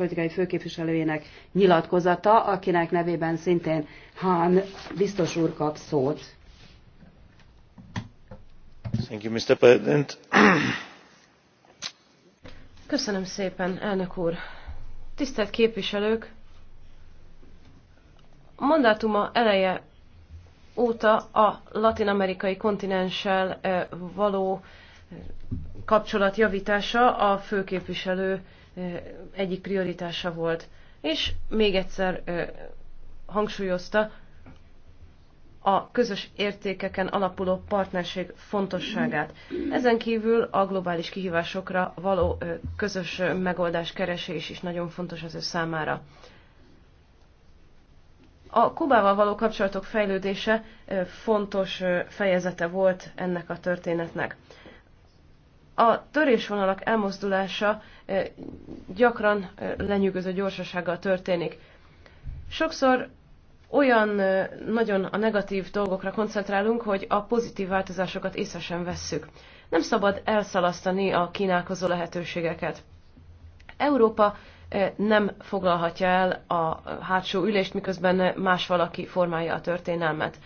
politikai főképviselőjének nyilatkozata, akinek nevében szintén Hán biztos úr kap szót. Thank you, Mr. President. Köszönöm szépen, elnök úr. Tisztelt képviselők! A mandátuma eleje óta a latin-amerikai kontinenssel eh, való eh, kapcsolat javítása a főképviselő egyik prioritása volt. És még egyszer hangsúlyozta a közös értékeken alapuló partnerség fontosságát. Ezen kívül a globális kihívásokra való közös megoldás keresés is nagyon fontos az ő számára. A Kubával való kapcsolatok fejlődése fontos fejezete volt ennek a történetnek. A törésvonalak elmozdulása gyakran lenyűgöző gyorsasággal történik. Sokszor olyan nagyon a negatív dolgokra koncentrálunk, hogy a pozitív változásokat észre sem vesszük. Nem szabad elszalasztani a kínálkozó lehetőségeket. Európa nem foglalhatja el a hátsó ülést, miközben más valaki formálja a történelmet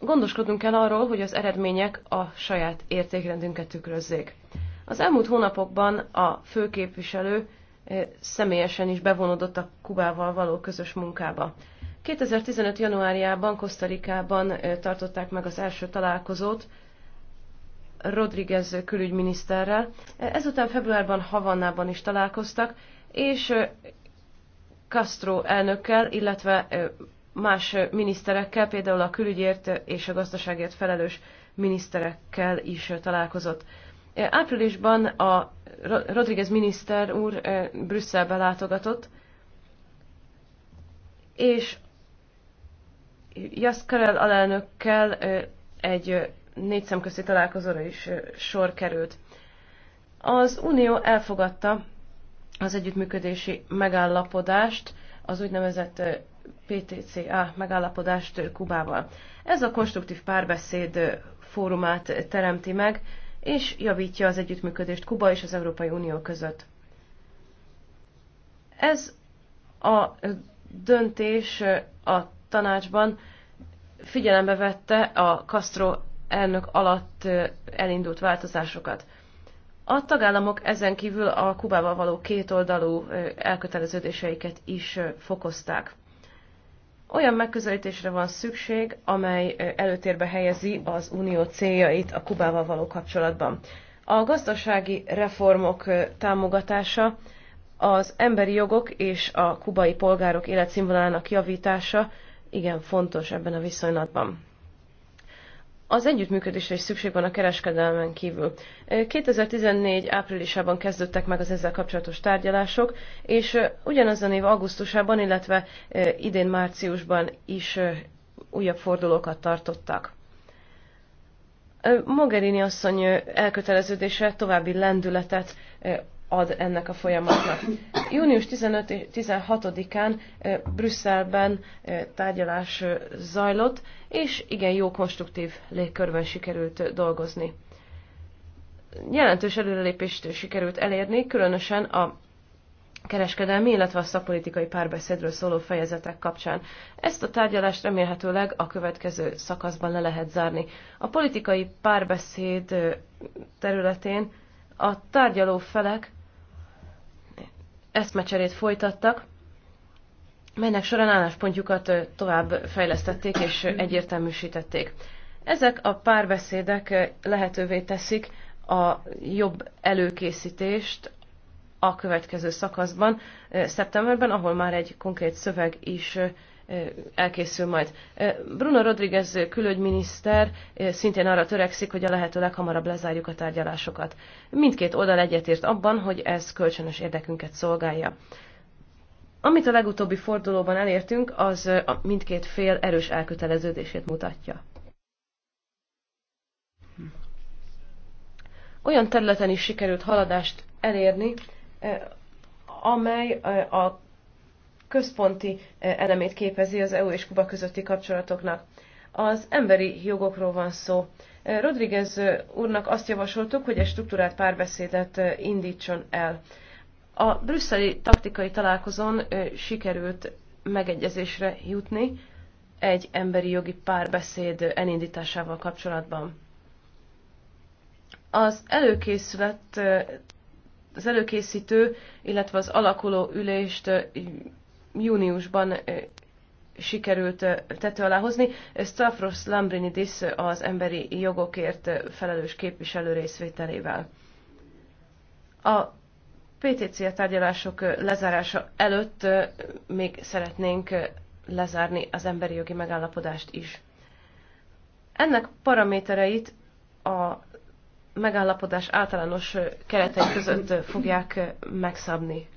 gondoskodnunk kell arról, hogy az eredmények a saját értékrendünket tükrözzék. Az elmúlt hónapokban a főképviselő eh, személyesen is bevonódott a Kubával való közös munkába. 2015. januárjában Kosztarikában eh, tartották meg az első találkozót Rodriguez külügyminiszterrel. Eh, ezután februárban Havannában is találkoztak, és Castro elnökkel, illetve más miniszterekkel, például a külügyért és a gazdaságért felelős miniszterekkel is találkozott. Áprilisban a Rodriguez miniszter úr eh, Brüsszelbe látogatott, és Jaskarel alelnökkel eh, egy eh, négy szemközti találkozóra is sor került. Az Unió elfogadta az együttműködési megállapodást, az úgynevezett PTCA megállapodást Kubával. Ez a konstruktív párbeszéd fórumát teremti meg, és javítja az együttműködést Kuba és az Európai Unió között. Ez a döntés a tanácsban figyelembe vette a Castro elnök alatt elindult változásokat. A tagállamok ezen kívül a Kubával való kétoldalú elköteleződéseiket is fokozták. Olyan megközelítésre van szükség, amely előtérbe helyezi az unió céljait a Kubával való kapcsolatban. A gazdasági reformok támogatása, az emberi jogok és a kubai polgárok életszínvonalának javítása igen fontos ebben a viszonylatban. Az együttműködésre is szükség van a kereskedelmen kívül. 2014 áprilisában kezdődtek meg az ezzel kapcsolatos tárgyalások, és ugyanazon év augusztusában, illetve idén márciusban is újabb fordulókat tartottak. Mogherini asszony elköteleződése további lendületet ad ennek a folyamatnak. Június 15-16-án Brüsszelben tárgyalás zajlott, és igen jó konstruktív légkörben sikerült dolgozni. Jelentős előrelépést sikerült elérni, különösen a kereskedelmi, illetve a szakpolitikai párbeszédről szóló fejezetek kapcsán. Ezt a tárgyalást remélhetőleg a következő szakaszban le lehet zárni. A politikai párbeszéd területén a tárgyaló felek eszmecserét folytattak, melynek során álláspontjukat tovább fejlesztették és egyértelműsítették. Ezek a párbeszédek lehetővé teszik a jobb előkészítést a következő szakaszban, szeptemberben, ahol már egy konkrét szöveg is elkészül majd. Bruno Rodriguez külügyminiszter szintén arra törekszik, hogy a lehető leghamarabb lezárjuk a tárgyalásokat. Mindkét oldal egyetért abban, hogy ez kölcsönös érdekünket szolgálja. Amit a legutóbbi fordulóban elértünk, az a mindkét fél erős elköteleződését mutatja. Olyan területen is sikerült haladást elérni, amely a központi eh, elemét képezi az EU és Kuba közötti kapcsolatoknak. Az emberi jogokról van szó. Eh, Rodriguez eh, úrnak azt javasoltuk, hogy egy struktúrált párbeszédet indítson el. A brüsszeli taktikai találkozón sikerült megegyezésre jutni egy emberi jogi párbeszéd elindításával kapcsolatban. Az előkészület, az előkészítő, illetve az alakuló ülést júniusban sikerült tető alá hozni. Stavros Lambrinidis az emberi jogokért felelős képviselő részvételével. A PTC tárgyalások lezárása előtt még szeretnénk lezárni az emberi jogi megállapodást is. Ennek paramétereit a megállapodás általános keretei között fogják megszabni.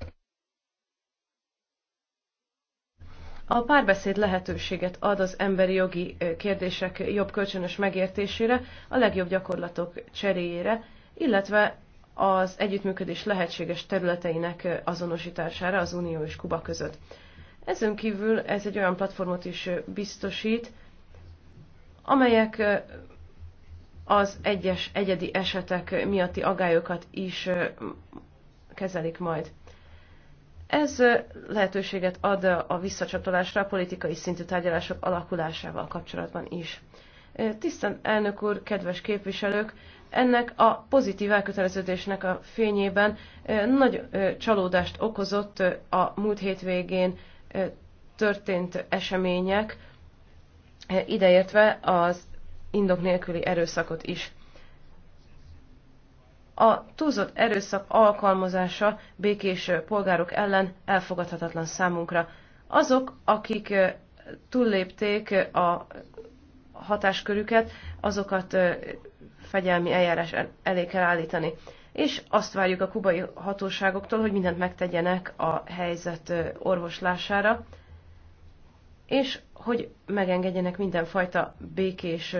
A párbeszéd lehetőséget ad az emberi jogi kérdések jobb kölcsönös megértésére, a legjobb gyakorlatok cseréjére, illetve az együttműködés lehetséges területeinek azonosítására az Unió és Kuba között. Ezen kívül ez egy olyan platformot is biztosít, amelyek az egyes egyedi esetek miatti agályokat is kezelik majd. Ez lehetőséget ad a visszacsatolásra a politikai szintű tárgyalások alakulásával kapcsolatban is. Tisztelt elnök úr, kedves képviselők, ennek a pozitív elköteleződésnek a fényében nagy csalódást okozott a múlt hétvégén történt események, ideértve az indok nélküli erőszakot is. A túlzott erőszak alkalmazása békés polgárok ellen elfogadhatatlan számunkra. Azok, akik túllépték a hatáskörüket, azokat fegyelmi eljárás elé kell állítani. És azt várjuk a kubai hatóságoktól, hogy mindent megtegyenek a helyzet orvoslására, és hogy megengedjenek mindenfajta békés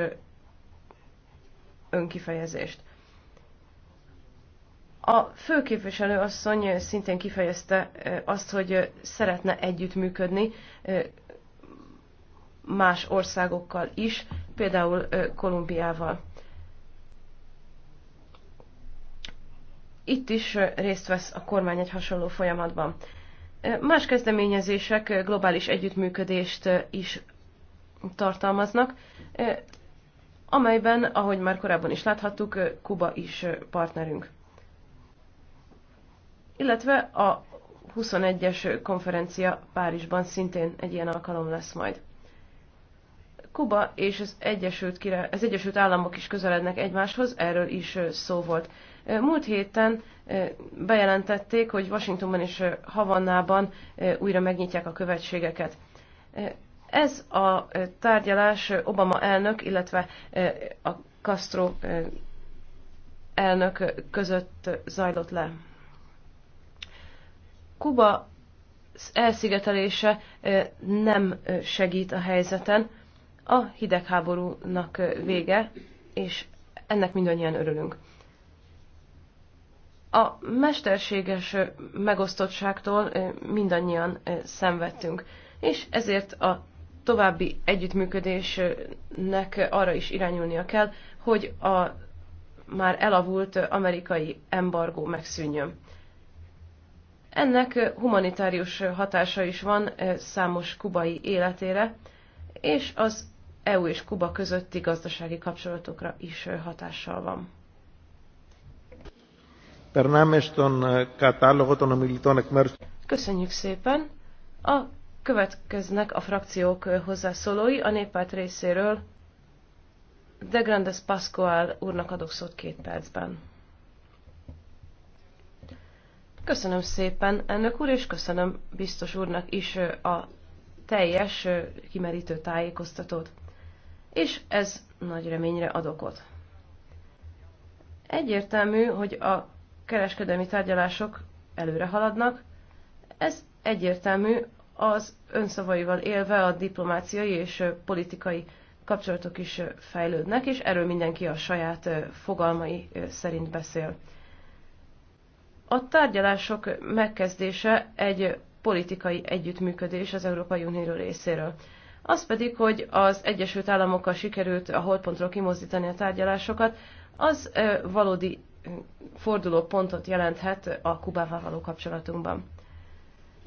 önkifejezést. A főképviselő asszony szintén kifejezte azt, hogy szeretne együttműködni más országokkal is, például Kolumbiával. Itt is részt vesz a kormány egy hasonló folyamatban. Más kezdeményezések globális együttműködést is tartalmaznak, amelyben, ahogy már korábban is láthattuk, Kuba is partnerünk illetve a 21-es konferencia Párizsban szintén egy ilyen alkalom lesz majd. Kuba és az Egyesült, Király, az Egyesült Államok is közelednek egymáshoz, erről is szó volt. Múlt héten bejelentették, hogy Washingtonban és Havannában újra megnyitják a követségeket. Ez a tárgyalás Obama elnök, illetve a Castro elnök között zajlott le. Kuba elszigetelése nem segít a helyzeten. A hidegháborúnak vége, és ennek mindannyian örülünk. A mesterséges megosztottságtól mindannyian szenvedtünk, és ezért a további együttműködésnek arra is irányulnia kell, hogy a már elavult amerikai embargó megszűnjön. Ennek humanitárius hatása is van számos kubai életére, és az EU és Kuba közötti gazdasági kapcsolatokra is hatással van. Köszönjük szépen! A következnek a frakciók hozzászólói a néppárt részéről. De Grandes Pascual úrnak adok szót két percben. Köszönöm szépen, elnök úr, és köszönöm biztos úrnak is a teljes kimerítő tájékoztatót. És ez nagy reményre ad okot. Egyértelmű, hogy a kereskedelmi tárgyalások előre haladnak, ez egyértelmű az önszavaival élve a diplomáciai és politikai kapcsolatok is fejlődnek, és erről mindenki a saját fogalmai szerint beszél. A tárgyalások megkezdése egy politikai együttműködés az Európai Unió részéről. Az pedig, hogy az Egyesült Államokkal sikerült a holdpontról kimozdítani a tárgyalásokat, az valódi fordulópontot jelenthet a Kubával való kapcsolatunkban.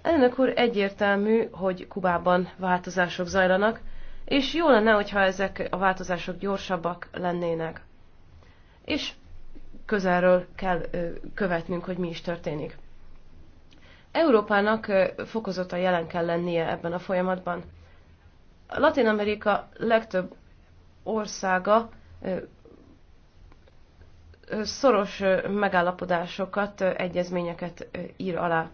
Elnök úr egyértelmű, hogy Kubában változások zajlanak, és jó lenne, hogyha ezek a változások gyorsabbak lennének. És közelről kell követnünk, hogy mi is történik. Európának fokozottan jelen kell lennie ebben a folyamatban. Latin Amerika legtöbb országa szoros megállapodásokat, egyezményeket ír alá.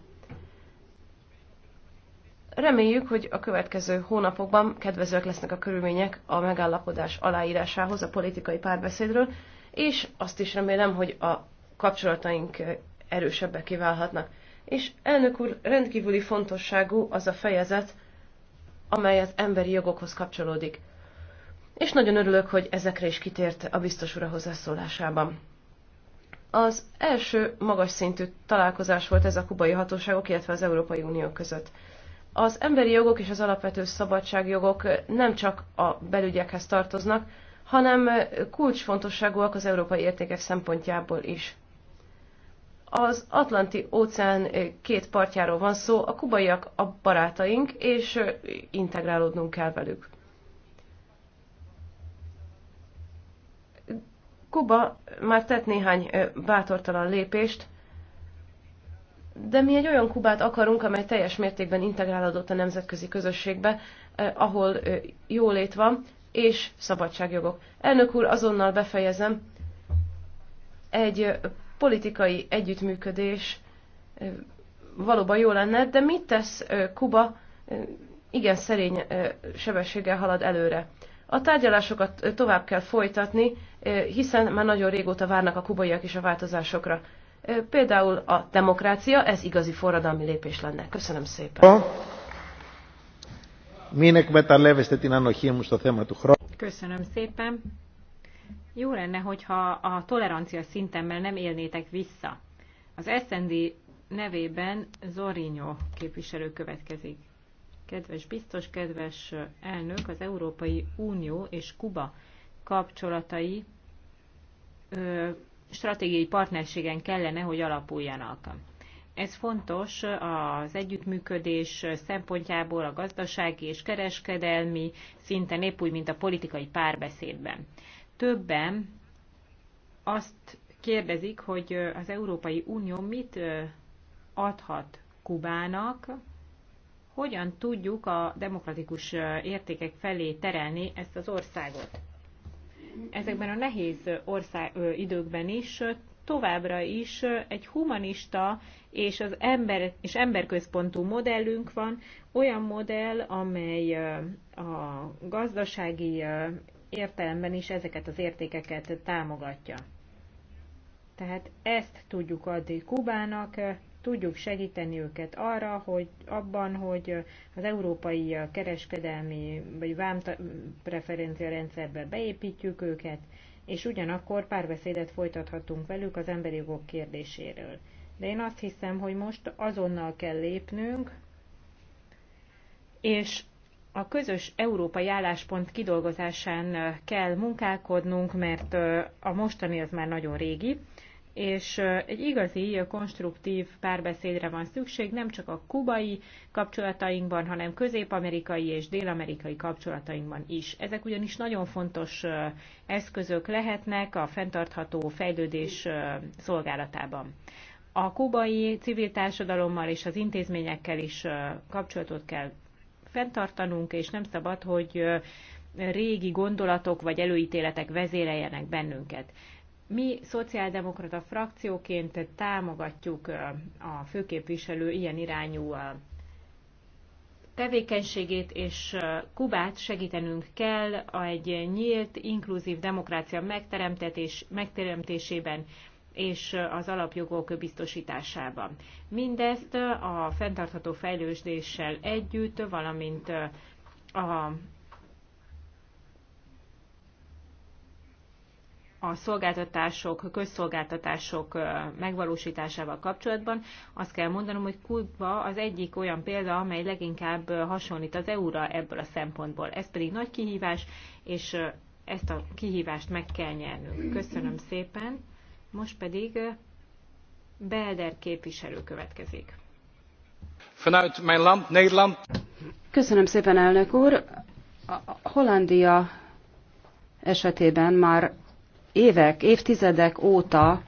Reméljük, hogy a következő hónapokban kedvezőek lesznek a körülmények a megállapodás aláírásához a politikai párbeszédről, és azt is remélem, hogy a kapcsolataink erősebbek kiválhatnak. És elnök úr, rendkívüli fontosságú az a fejezet, amely az emberi jogokhoz kapcsolódik. És nagyon örülök, hogy ezekre is kitért a biztos ura hozzászólásában. Az első magas szintű találkozás volt ez a kubai hatóságok, illetve az Európai Unió között. Az emberi jogok és az alapvető szabadságjogok nem csak a belügyekhez tartoznak, hanem kulcsfontosságúak az európai értékek szempontjából is. Az Atlanti óceán két partjáról van szó, a kubaiak a barátaink, és integrálódnunk kell velük. Kuba már tett néhány bátortalan lépést, de mi egy olyan Kubát akarunk, amely teljes mértékben integrálódott a nemzetközi közösségbe, ahol jólét van, és szabadságjogok. Elnök úr, azonnal befejezem. Egy politikai együttműködés valóban jó lenne, de mit tesz Kuba? Igen, szerény sebességgel halad előre. A tárgyalásokat tovább kell folytatni, hiszen már nagyon régóta várnak a kubaiak is a változásokra. Például a demokrácia, ez igazi forradalmi lépés lenne. Köszönöm szépen. Μην εκμεταλλεύεστε την ανοχή μου στο θέμα του χρόνου. Köszönöm szépen. Jó lenne, hogyha a tolerancia szintemmel nem élnétek vissza. Az SND nevében Zorinyó képviselő következik. Kedves biztos, kedves elnök, az Európai Unió és Kuba kapcsolatai ö, stratégiai partnerségen kellene, hogy alapuljanak. Ez fontos az együttműködés szempontjából a gazdasági és kereskedelmi szinten, épp úgy, mint a politikai párbeszédben. Többen azt kérdezik, hogy az Európai Unió mit adhat Kubának, hogyan tudjuk a demokratikus értékek felé terelni ezt az országot. Ezekben a nehéz ország, ö, időkben is továbbra is egy humanista és az ember, és emberközpontú modellünk van, olyan modell, amely a gazdasági értelemben is ezeket az értékeket támogatja. Tehát ezt tudjuk adni Kubának, tudjuk segíteni őket arra, hogy abban, hogy az európai kereskedelmi vagy vámpreferencia rendszerbe beépítjük őket, és ugyanakkor párbeszédet folytathatunk velük az emberi jogok kérdéséről. De én azt hiszem, hogy most azonnal kell lépnünk, és a közös európai álláspont kidolgozásán kell munkálkodnunk, mert a mostani az már nagyon régi, és egy igazi, konstruktív párbeszédre van szükség, nem csak a kubai kapcsolatainkban, hanem közép-amerikai és dél-amerikai kapcsolatainkban is. Ezek ugyanis nagyon fontos eszközök lehetnek a fenntartható fejlődés szolgálatában. A kubai civil társadalommal és az intézményekkel is kapcsolatot kell fenntartanunk, és nem szabad, hogy régi gondolatok vagy előítéletek vezéreljenek bennünket. Mi szociáldemokrata frakcióként támogatjuk a főképviselő ilyen irányú tevékenységét, és Kubát segítenünk kell egy nyílt, inkluzív demokrácia megteremtetés, megteremtésében és az alapjogok biztosításában. Mindezt a fenntartható fejlődéssel együtt, valamint a a szolgáltatások, közszolgáltatások megvalósításával kapcsolatban azt kell mondanom, hogy Kuba az egyik olyan példa, amely leginkább hasonlít az EU-ra ebből a szempontból. Ez pedig nagy kihívás, és ezt a kihívást meg kell nyernünk. Köszönöm szépen. Most pedig Belder képviselő következik. Köszönöm szépen, elnök úr. A Hollandia esetében már évek, évtizedek óta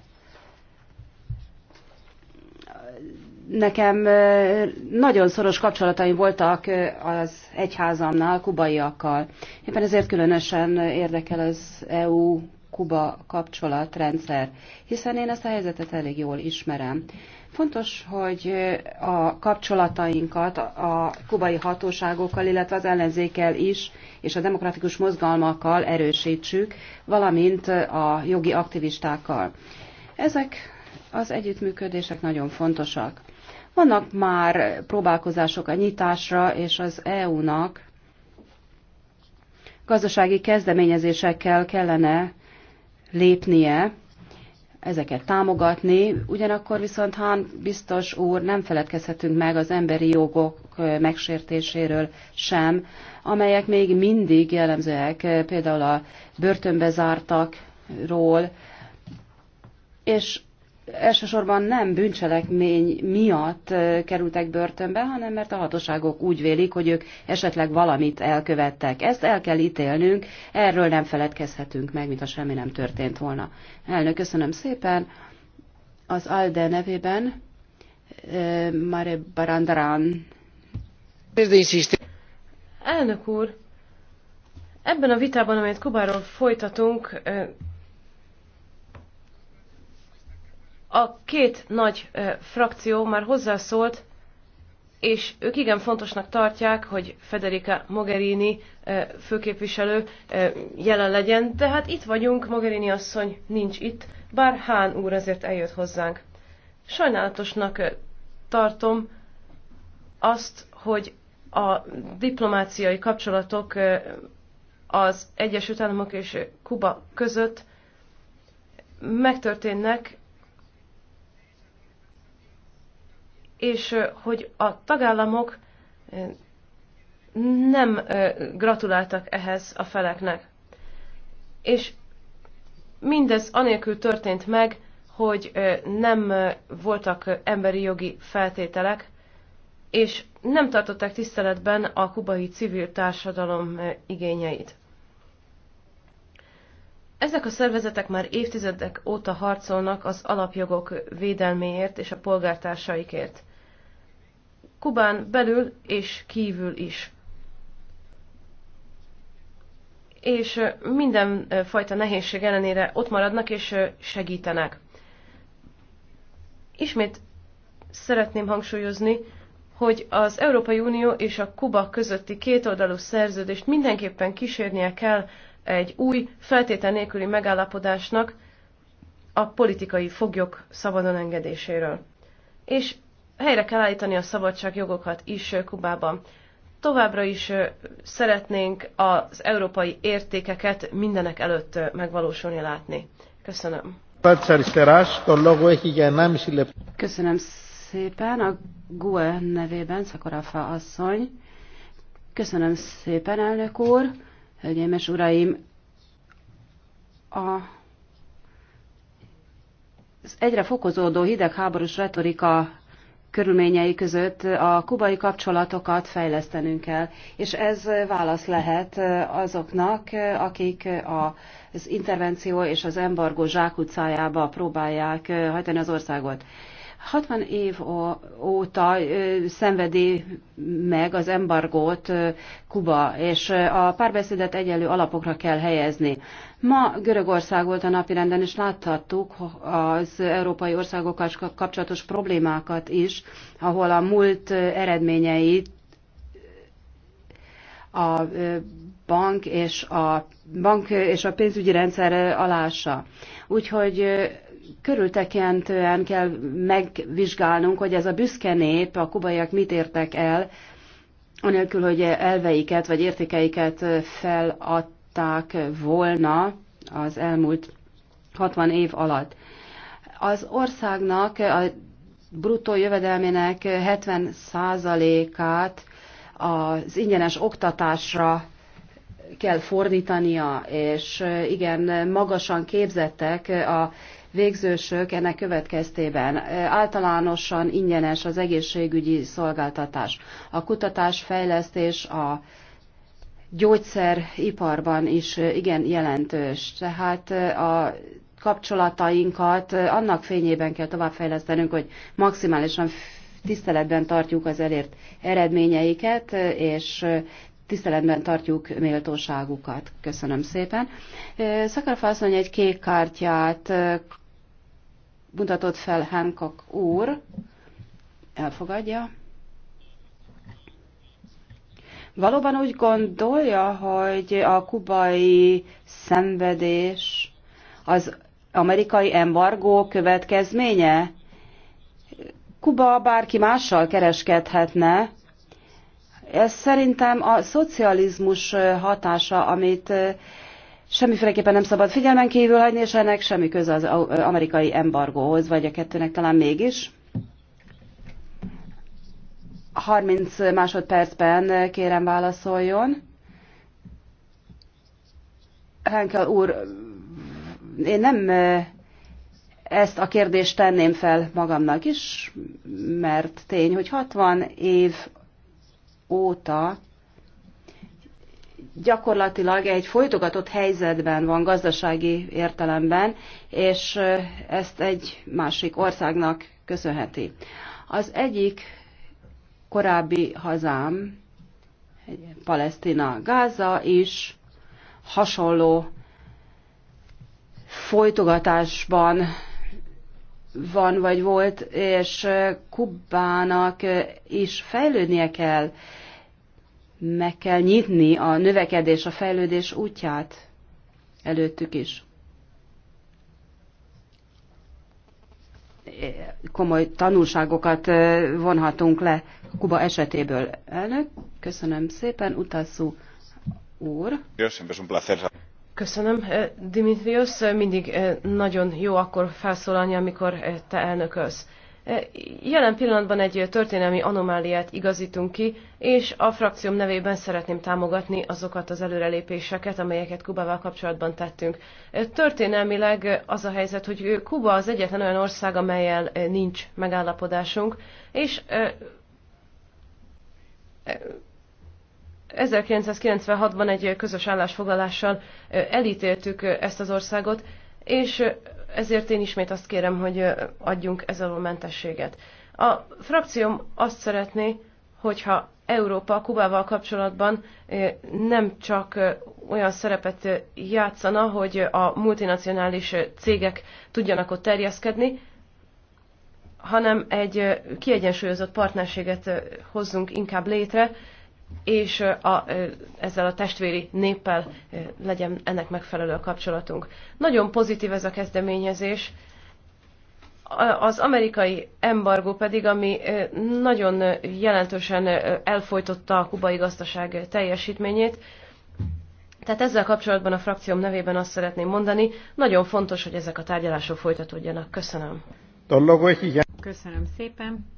nekem nagyon szoros kapcsolataim voltak az egyházamnál, kubaiakkal. Éppen ezért különösen érdekel az EU-Kuba kapcsolatrendszer, hiszen én ezt a helyzetet elég jól ismerem. Fontos, hogy a kapcsolatainkat a kubai hatóságokkal, illetve az ellenzékkel is, és a demokratikus mozgalmakkal erősítsük, valamint a jogi aktivistákkal. Ezek az együttműködések nagyon fontosak. Vannak már próbálkozások a nyitásra, és az EU-nak gazdasági kezdeményezésekkel kellene lépnie, ezeket támogatni, ugyanakkor viszont Hán biztos úr nem feledkezhetünk meg az emberi jogok megsértéséről sem, amelyek még mindig jellemzőek, például a börtönbe zártakról, és elsősorban nem bűncselekmény miatt kerültek börtönbe, hanem mert a hatóságok úgy vélik, hogy ők esetleg valamit elkövettek. Ezt el kell ítélnünk, erről nem feledkezhetünk meg, mintha semmi nem történt volna. Elnök, köszönöm szépen. Az ALDE nevében Mare Barandaran. Elnök úr, ebben a vitában, amelyet Kubáról folytatunk, A két nagy frakció már hozzászólt, és ők igen fontosnak tartják, hogy Federica Mogherini főképviselő jelen legyen, de hát itt vagyunk, Mogherini asszony nincs itt, bár Hán úr ezért eljött hozzánk. Sajnálatosnak tartom azt, hogy a diplomáciai kapcsolatok az Egyesült Államok és Kuba között megtörténnek és hogy a tagállamok nem gratuláltak ehhez a feleknek. És mindez anélkül történt meg, hogy nem voltak emberi jogi feltételek, és nem tartották tiszteletben a kubai civil társadalom igényeit. Ezek a szervezetek már évtizedek óta harcolnak az alapjogok védelméért és a polgártársaikért. Kubán belül és kívül is. És minden fajta nehézség ellenére ott maradnak és segítenek. Ismét szeretném hangsúlyozni, hogy az Európai Unió és a Kuba közötti kétoldalú szerződést mindenképpen kísérnie kell egy új, feltétel nélküli megállapodásnak a politikai foglyok szabadon engedéséről. És helyre kell állítani a szabadságjogokat is Kubában. Továbbra is szeretnénk az európai értékeket mindenek előtt megvalósulni látni. Köszönöm. Köszönöm szépen. A GUE nevében Szakorafa asszony. Köszönöm szépen, elnök úr. Hölgyeim és uraim, a az egyre fokozódó hidegháborús retorika körülményei között a kubai kapcsolatokat fejlesztenünk kell, és ez válasz lehet azoknak, akik az intervenció és az embargó zsákutcájába próbálják hajtani az országot. 60 év óta szenvedi meg az embargót Kuba, és a párbeszédet egyenlő alapokra kell helyezni. Ma Görögország volt a napirenden, és láthattuk az európai országokkal kapcsolatos problémákat is, ahol a múlt eredményeit a bank és a, bank és a pénzügyi rendszer alása. Úgyhogy körültekintően kell megvizsgálnunk, hogy ez a büszke nép, a kubaiak mit értek el, anélkül, hogy elveiket vagy értékeiket feladták volna az elmúlt 60 év alatt. Az országnak a bruttó jövedelmének 70%-át az ingyenes oktatásra kell fordítania, és igen, magasan képzettek a végzősök ennek következtében. Általánosan ingyenes az egészségügyi szolgáltatás. A kutatás, fejlesztés, a gyógyszeriparban is igen jelentős. Tehát a kapcsolatainkat annak fényében kell továbbfejlesztenünk, hogy maximálisan tiszteletben tartjuk az elért eredményeiket, és tiszteletben tartjuk méltóságukat. Köszönöm szépen. Szakarfa asszony egy kék kártyát mutatott fel Hancock úr, elfogadja. Valóban úgy gondolja, hogy a kubai szenvedés az amerikai embargó következménye? Kuba bárki mással kereskedhetne. Ez szerintem a szocializmus hatása, amit semmiféleképpen nem szabad figyelmen kívül hagyni, és ennek semmi köze az amerikai embargóhoz, vagy a kettőnek talán mégis. 30 másodpercben kérem válaszoljon. Henkel úr, én nem ezt a kérdést tenném fel magamnak is, mert tény, hogy 60 év óta gyakorlatilag egy folytogatott helyzetben van gazdasági értelemben, és ezt egy másik országnak köszönheti. Az egyik korábbi hazám, Palesztina Gáza is hasonló folytogatásban van vagy volt, és Kubának is fejlődnie kell meg kell nyitni a növekedés, a fejlődés útját előttük is. Komoly tanulságokat vonhatunk le Kuba esetéből. Elnök, köszönöm szépen, utasszú úr. Köszönöm, Dimitrios, mindig nagyon jó akkor felszólalni, amikor te elnökölsz. Jelen pillanatban egy történelmi anomáliát igazítunk ki, és a frakcióm nevében szeretném támogatni azokat az előrelépéseket, amelyeket Kubával kapcsolatban tettünk. Történelmileg az a helyzet, hogy Kuba az egyetlen olyan ország, amelyel nincs megállapodásunk, és 1996-ban egy közös állásfoglalással elítéltük ezt az országot, és ezért én ismét azt kérem, hogy adjunk ez a mentességet. A frakcióm azt szeretné, hogyha Európa Kubával kapcsolatban nem csak olyan szerepet játszana, hogy a multinacionális cégek tudjanak ott terjeszkedni, hanem egy kiegyensúlyozott partnerséget hozzunk inkább létre, és a, ezzel a testvéri néppel legyen ennek megfelelő a kapcsolatunk. Nagyon pozitív ez a kezdeményezés. Az amerikai embargó pedig, ami nagyon jelentősen elfolytotta a kubai gazdaság teljesítményét, tehát ezzel kapcsolatban a frakcióm nevében azt szeretném mondani, nagyon fontos, hogy ezek a tárgyalások folytatódjanak. Köszönöm. Köszönöm szépen.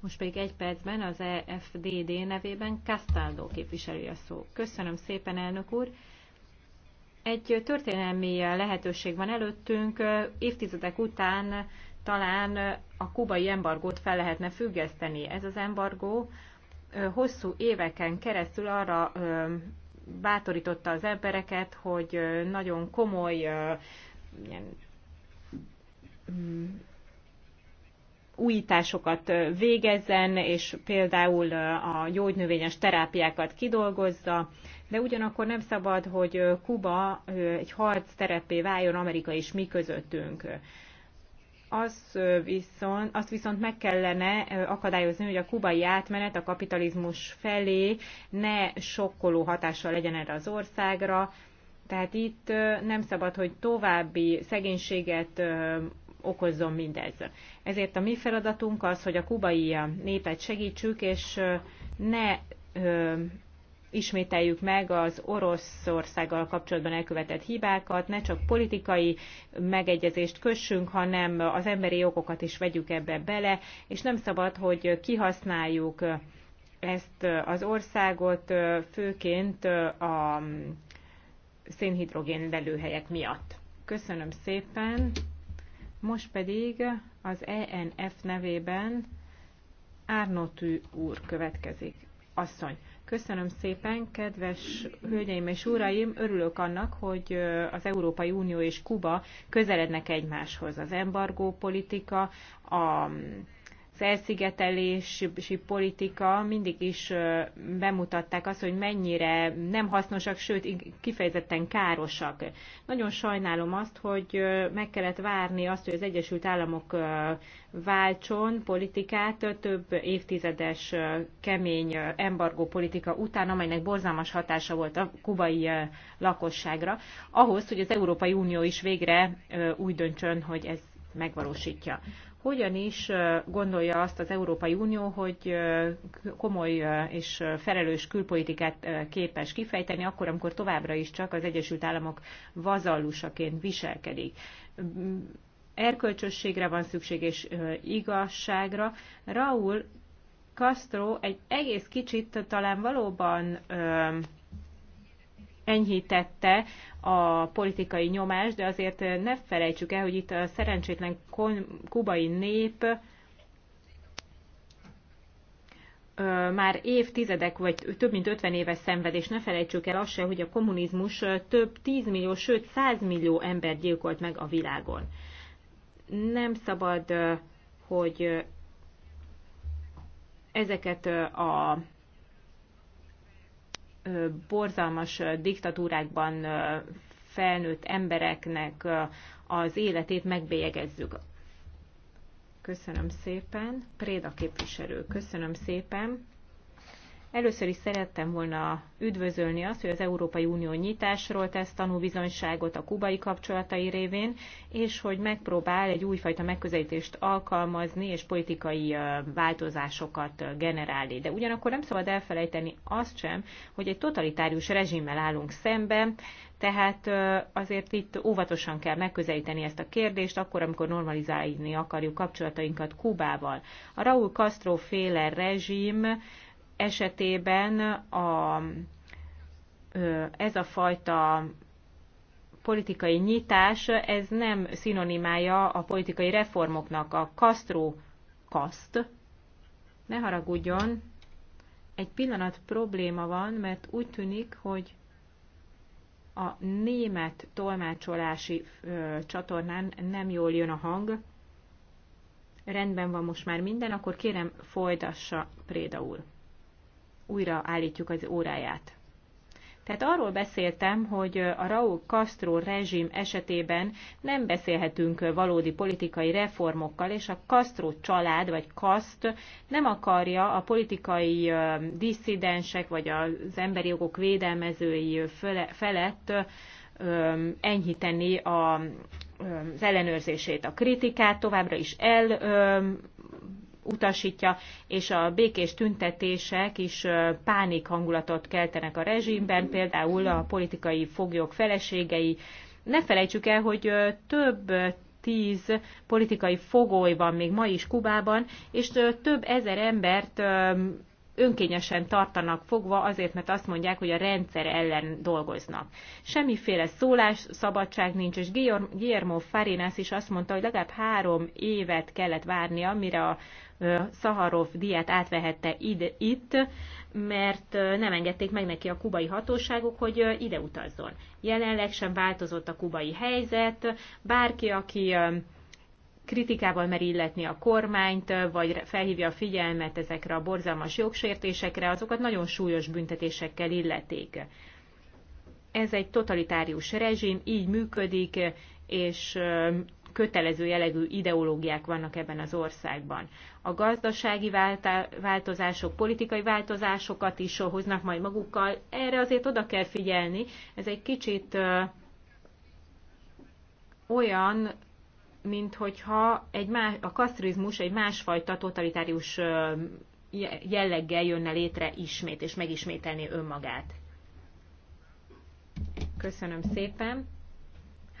Most pedig egy percben az EFDD nevében Castaldo a szó. Köszönöm szépen, elnök úr! Egy történelmi lehetőség van előttünk. Évtizedek után talán a kubai embargót fel lehetne függeszteni. Ez az embargó hosszú éveken keresztül arra bátorította az embereket, hogy nagyon komoly ilyen mm, újításokat végezzen, és például a gyógynövényes terápiákat kidolgozza, de ugyanakkor nem szabad, hogy Kuba egy harc terepé váljon Amerika és mi közöttünk. Az viszont, azt viszont meg kellene akadályozni, hogy a kubai átmenet a kapitalizmus felé ne sokkoló hatással legyen erre az országra, tehát itt nem szabad, hogy további szegénységet okozzon mindez. Ezért a mi feladatunk az, hogy a kubai népet segítsük, és ne ismételjük meg az Oroszországgal kapcsolatban elkövetett hibákat, ne csak politikai megegyezést kössünk, hanem az emberi jogokat is vegyük ebbe bele, és nem szabad, hogy kihasználjuk ezt az országot főként a szénhidrogén lelőhelyek miatt. Köszönöm szépen! Most pedig az ENF nevében Árnotű úr következik. Asszony. Köszönöm szépen, kedves hölgyeim és uraim! Örülök annak, hogy az Európai Unió és Kuba közelednek egymáshoz. Az embargó politika, a felszigetelési politika mindig is bemutatták azt, hogy mennyire nem hasznosak, sőt kifejezetten károsak. Nagyon sajnálom azt, hogy meg kellett várni azt, hogy az Egyesült Államok váltson politikát több évtizedes kemény embargó politika után, amelynek borzalmas hatása volt a kubai lakosságra, ahhoz, hogy az Európai Unió is végre úgy döntsön, hogy ez megvalósítja hogyan is gondolja azt az Európai Unió, hogy komoly és felelős külpolitikát képes kifejteni, akkor, amikor továbbra is csak az Egyesült Államok vazallusaként viselkedik. Mm, erkölcsösségre van szükség és igazságra. Raúl Castro egy egész kicsit talán valóban enyhítette a politikai nyomást, de azért ne felejtsük el, hogy itt a szerencsétlen kubai nép már évtizedek, vagy több mint 50 éves szenvedés. Ne felejtsük el azt se, hogy a kommunizmus több 10 millió, sőt 100 millió ember gyilkolt meg a világon. Nem szabad, hogy ezeket a borzalmas diktatúrákban felnőtt embereknek az életét megbélyegezzük. Köszönöm szépen. Préda képviselő, köszönöm szépen. Először is szerettem volna üdvözölni azt, hogy az Európai Unió nyitásról tesz tanúbizonyságot a kubai kapcsolatai révén, és hogy megpróbál egy újfajta megközelítést alkalmazni és politikai változásokat generálni. De ugyanakkor nem szabad elfelejteni azt sem, hogy egy totalitárius rezsimmel állunk szemben, tehát azért itt óvatosan kell megközelíteni ezt a kérdést, akkor, amikor normalizálni akarjuk kapcsolatainkat Kubával. A Raúl Castro féle rezsim esetében a, ez a fajta politikai nyitás, ez nem szinonimája a politikai reformoknak. A Castro kaszt, ne haragudjon, egy pillanat probléma van, mert úgy tűnik, hogy a német tolmácsolási ö, csatornán nem jól jön a hang. Rendben van most már minden, akkor kérem folytassa Préda úr újra állítjuk az óráját. Tehát arról beszéltem, hogy a Raúl Castro rezsim esetében nem beszélhetünk valódi politikai reformokkal, és a Castro család vagy Kast nem akarja a politikai disszidensek vagy az emberi jogok védelmezői felett enyhíteni a, az ellenőrzését. A kritikát továbbra is el utasítja, és a békés tüntetések is pánik hangulatot keltenek a rezsimben, például a politikai foglyok feleségei. Ne felejtsük el, hogy több tíz politikai fogoly van még ma is Kubában, és több ezer embert önkényesen tartanak fogva azért, mert azt mondják, hogy a rendszer ellen dolgoznak. Semmiféle szólás, szabadság nincs, és Guillermo Farinas is azt mondta, hogy legalább három évet kellett várnia, mire a Szaharov diát átvehette ide, itt, mert nem engedték meg neki a kubai hatóságok, hogy ide utazzon. Jelenleg sem változott a kubai helyzet, bárki, aki kritikával mer illetni a kormányt, vagy felhívja a figyelmet ezekre a borzalmas jogsértésekre, azokat nagyon súlyos büntetésekkel illeték. Ez egy totalitárius rezsim, így működik, és kötelező jellegű ideológiák vannak ebben az országban. A gazdasági változások, politikai változásokat is hoznak majd magukkal. Erre azért oda kell figyelni. Ez egy kicsit olyan, mint hogyha egy más, a kasztrizmus egy másfajta totalitárius jelleggel jönne létre ismét, és megismételni önmagát. Köszönöm szépen.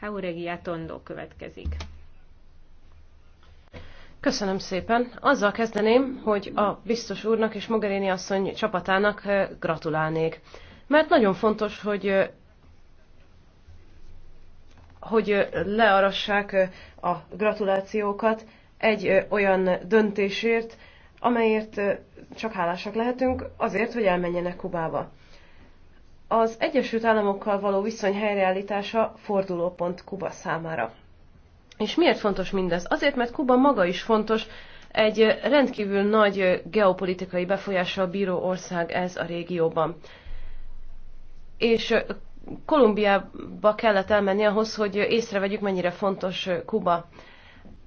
Jauregia Tondó következik. Köszönöm szépen. Azzal kezdeném, hogy a biztos úrnak és Mogherini asszony csapatának gratulálnék. Mert nagyon fontos, hogy hogy learassák a gratulációkat egy olyan döntésért, amelyért csak hálásak lehetünk, azért, hogy elmenjenek Kubába. Az Egyesült Államokkal való viszony helyreállítása fordulópont Kuba számára. És miért fontos mindez? Azért, mert Kuba maga is fontos, egy rendkívül nagy geopolitikai befolyással bíró ország ez a régióban. És Kolumbiába kellett elmenni ahhoz, hogy észrevegyük, mennyire fontos Kuba.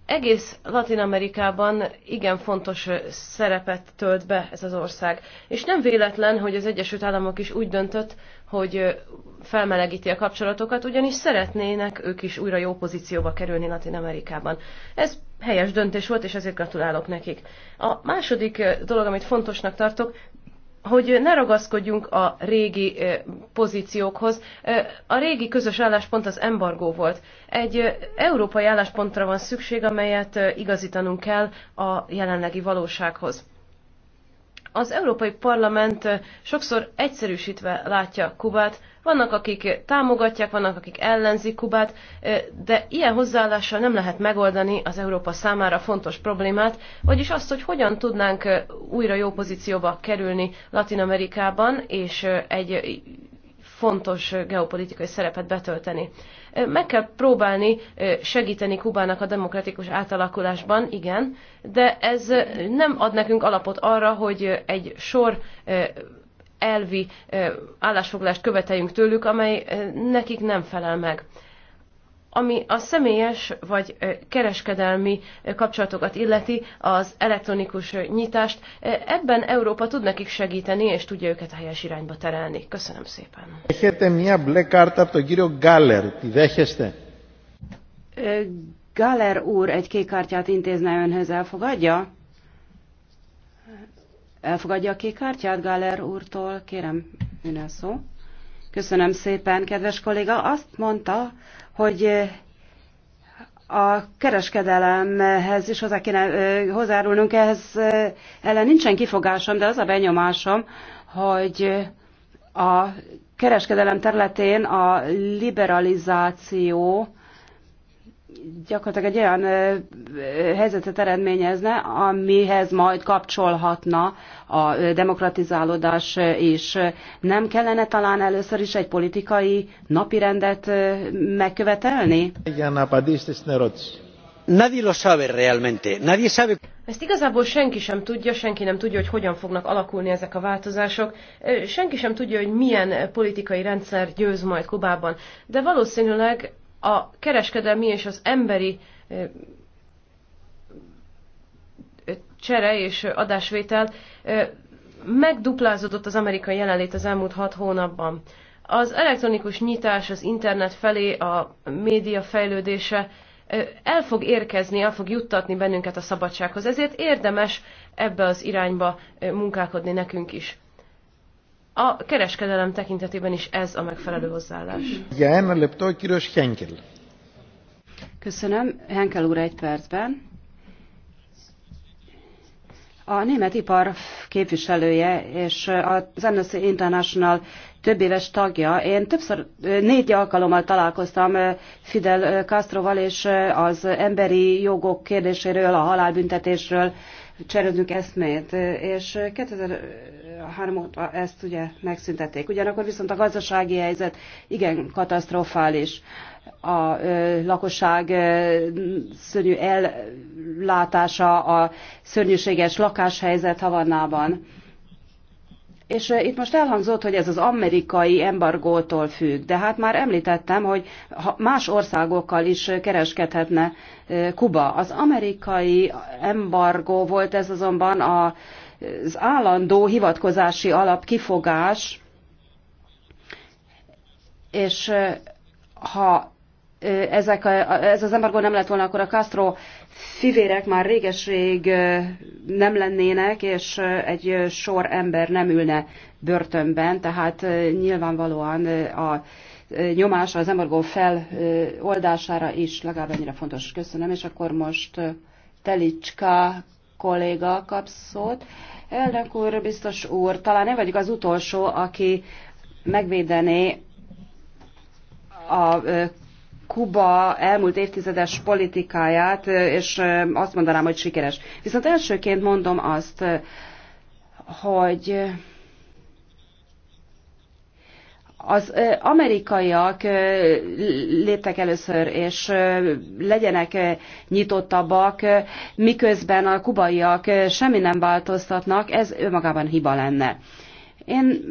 Egész Latin Amerikában igen fontos szerepet tölt be ez az ország. És nem véletlen, hogy az Egyesült Államok is úgy döntött, hogy felmelegíti a kapcsolatokat, ugyanis szeretnének ők is újra jó pozícióba kerülni Latin Amerikában. Ez helyes döntés volt, és ezért gratulálok nekik. A második dolog, amit fontosnak tartok, hogy ne ragaszkodjunk a régi pozíciókhoz. A régi közös álláspont az embargó volt. Egy európai álláspontra van szükség, amelyet igazítanunk kell a jelenlegi valósághoz. Az Európai Parlament sokszor egyszerűsítve látja Kubát, vannak, akik támogatják, vannak, akik ellenzik Kubát, de ilyen hozzáállással nem lehet megoldani az Európa számára fontos problémát, vagyis azt, hogy hogyan tudnánk újra jó pozícióba kerülni Latin Amerikában, és egy fontos geopolitikai szerepet betölteni. Meg kell próbálni segíteni Kubának a demokratikus átalakulásban, igen, de ez nem ad nekünk alapot arra, hogy egy sor elvi állásfoglalást követeljünk tőlük, amely nekik nem felel meg. Ami a személyes vagy kereskedelmi kapcsolatokat illeti, az elektronikus nyitást, ebben Európa tud nekik segíteni, és tudja őket a helyes irányba terelni. Köszönöm szépen. Galler úr egy kék kártyát intézne önhöz, elfogadja? Elfogadja a kék kártyát Galler úrtól? Kérem, ön szó. Köszönöm szépen, kedves kolléga. Azt mondta, hogy eh, a kereskedelemhez is hozzá kéne eh, hozzárulnunk, ehhez eh, ellen nincsen kifogásom, de az a benyomásom, hogy a kereskedelem területén a liberalizáció gyakorlatilag egy olyan helyzetet eredményezne, amihez majd kapcsolhatna a demokratizálódás, és nem kellene talán először is egy politikai napirendet megkövetelni? Nadie lo sabe realmente. Nadie sabe... Ezt igazából senki sem tudja, senki nem tudja, hogy hogyan fognak alakulni ezek a változások, senki sem tudja, hogy milyen politikai rendszer győz majd Kubában. De valószínűleg a kereskedelmi és az emberi csere és adásvétel megduplázódott az amerikai jelenlét az elmúlt hat hónapban. Az elektronikus nyitás az internet felé, a média fejlődése el fog érkezni, el fog juttatni bennünket a szabadsághoz. Ezért érdemes ebbe az irányba munkálkodni nekünk is. A kereskedelem tekintetében is ez a megfelelő hozzáállás. Igen, leptó, kíros Henkel. Köszönöm. Henkel úr egy percben. A német ipar képviselője és az Amnesty International több éves tagja. Én többször négy alkalommal találkoztam Fidel Castroval, és az emberi jogok kérdéséről, a halálbüntetésről cserélünk eszmét. És 2000 óta ezt ugye megszüntették. Ugyanakkor viszont a gazdasági helyzet igen katasztrofális. A ö, lakosság ö, szörnyű ellátása, a szörnyűséges lakáshelyzet Havannában. És itt most elhangzott, hogy ez az amerikai embargótól függ, de hát már említettem, hogy más országokkal is kereskedhetne Kuba. Az amerikai embargó volt ez azonban a az állandó hivatkozási alap kifogás, és ha ezek a, ez az embargó nem lett volna, akkor a Castro fivérek már régeség nem lennének, és egy sor ember nem ülne börtönben, tehát nyilvánvalóan a nyomás az embargó feloldására is legalább ennyire fontos. Köszönöm, és akkor most Telicska kolléga kap szót. Elnök úr, biztos úr, talán én vagyok az utolsó, aki megvédené a Kuba elmúlt évtizedes politikáját, és azt mondanám, hogy sikeres. Viszont elsőként mondom azt, hogy az amerikaiak léptek először, és legyenek nyitottabbak, miközben a kubaiak semmi nem változtatnak, ez önmagában hiba lenne. Én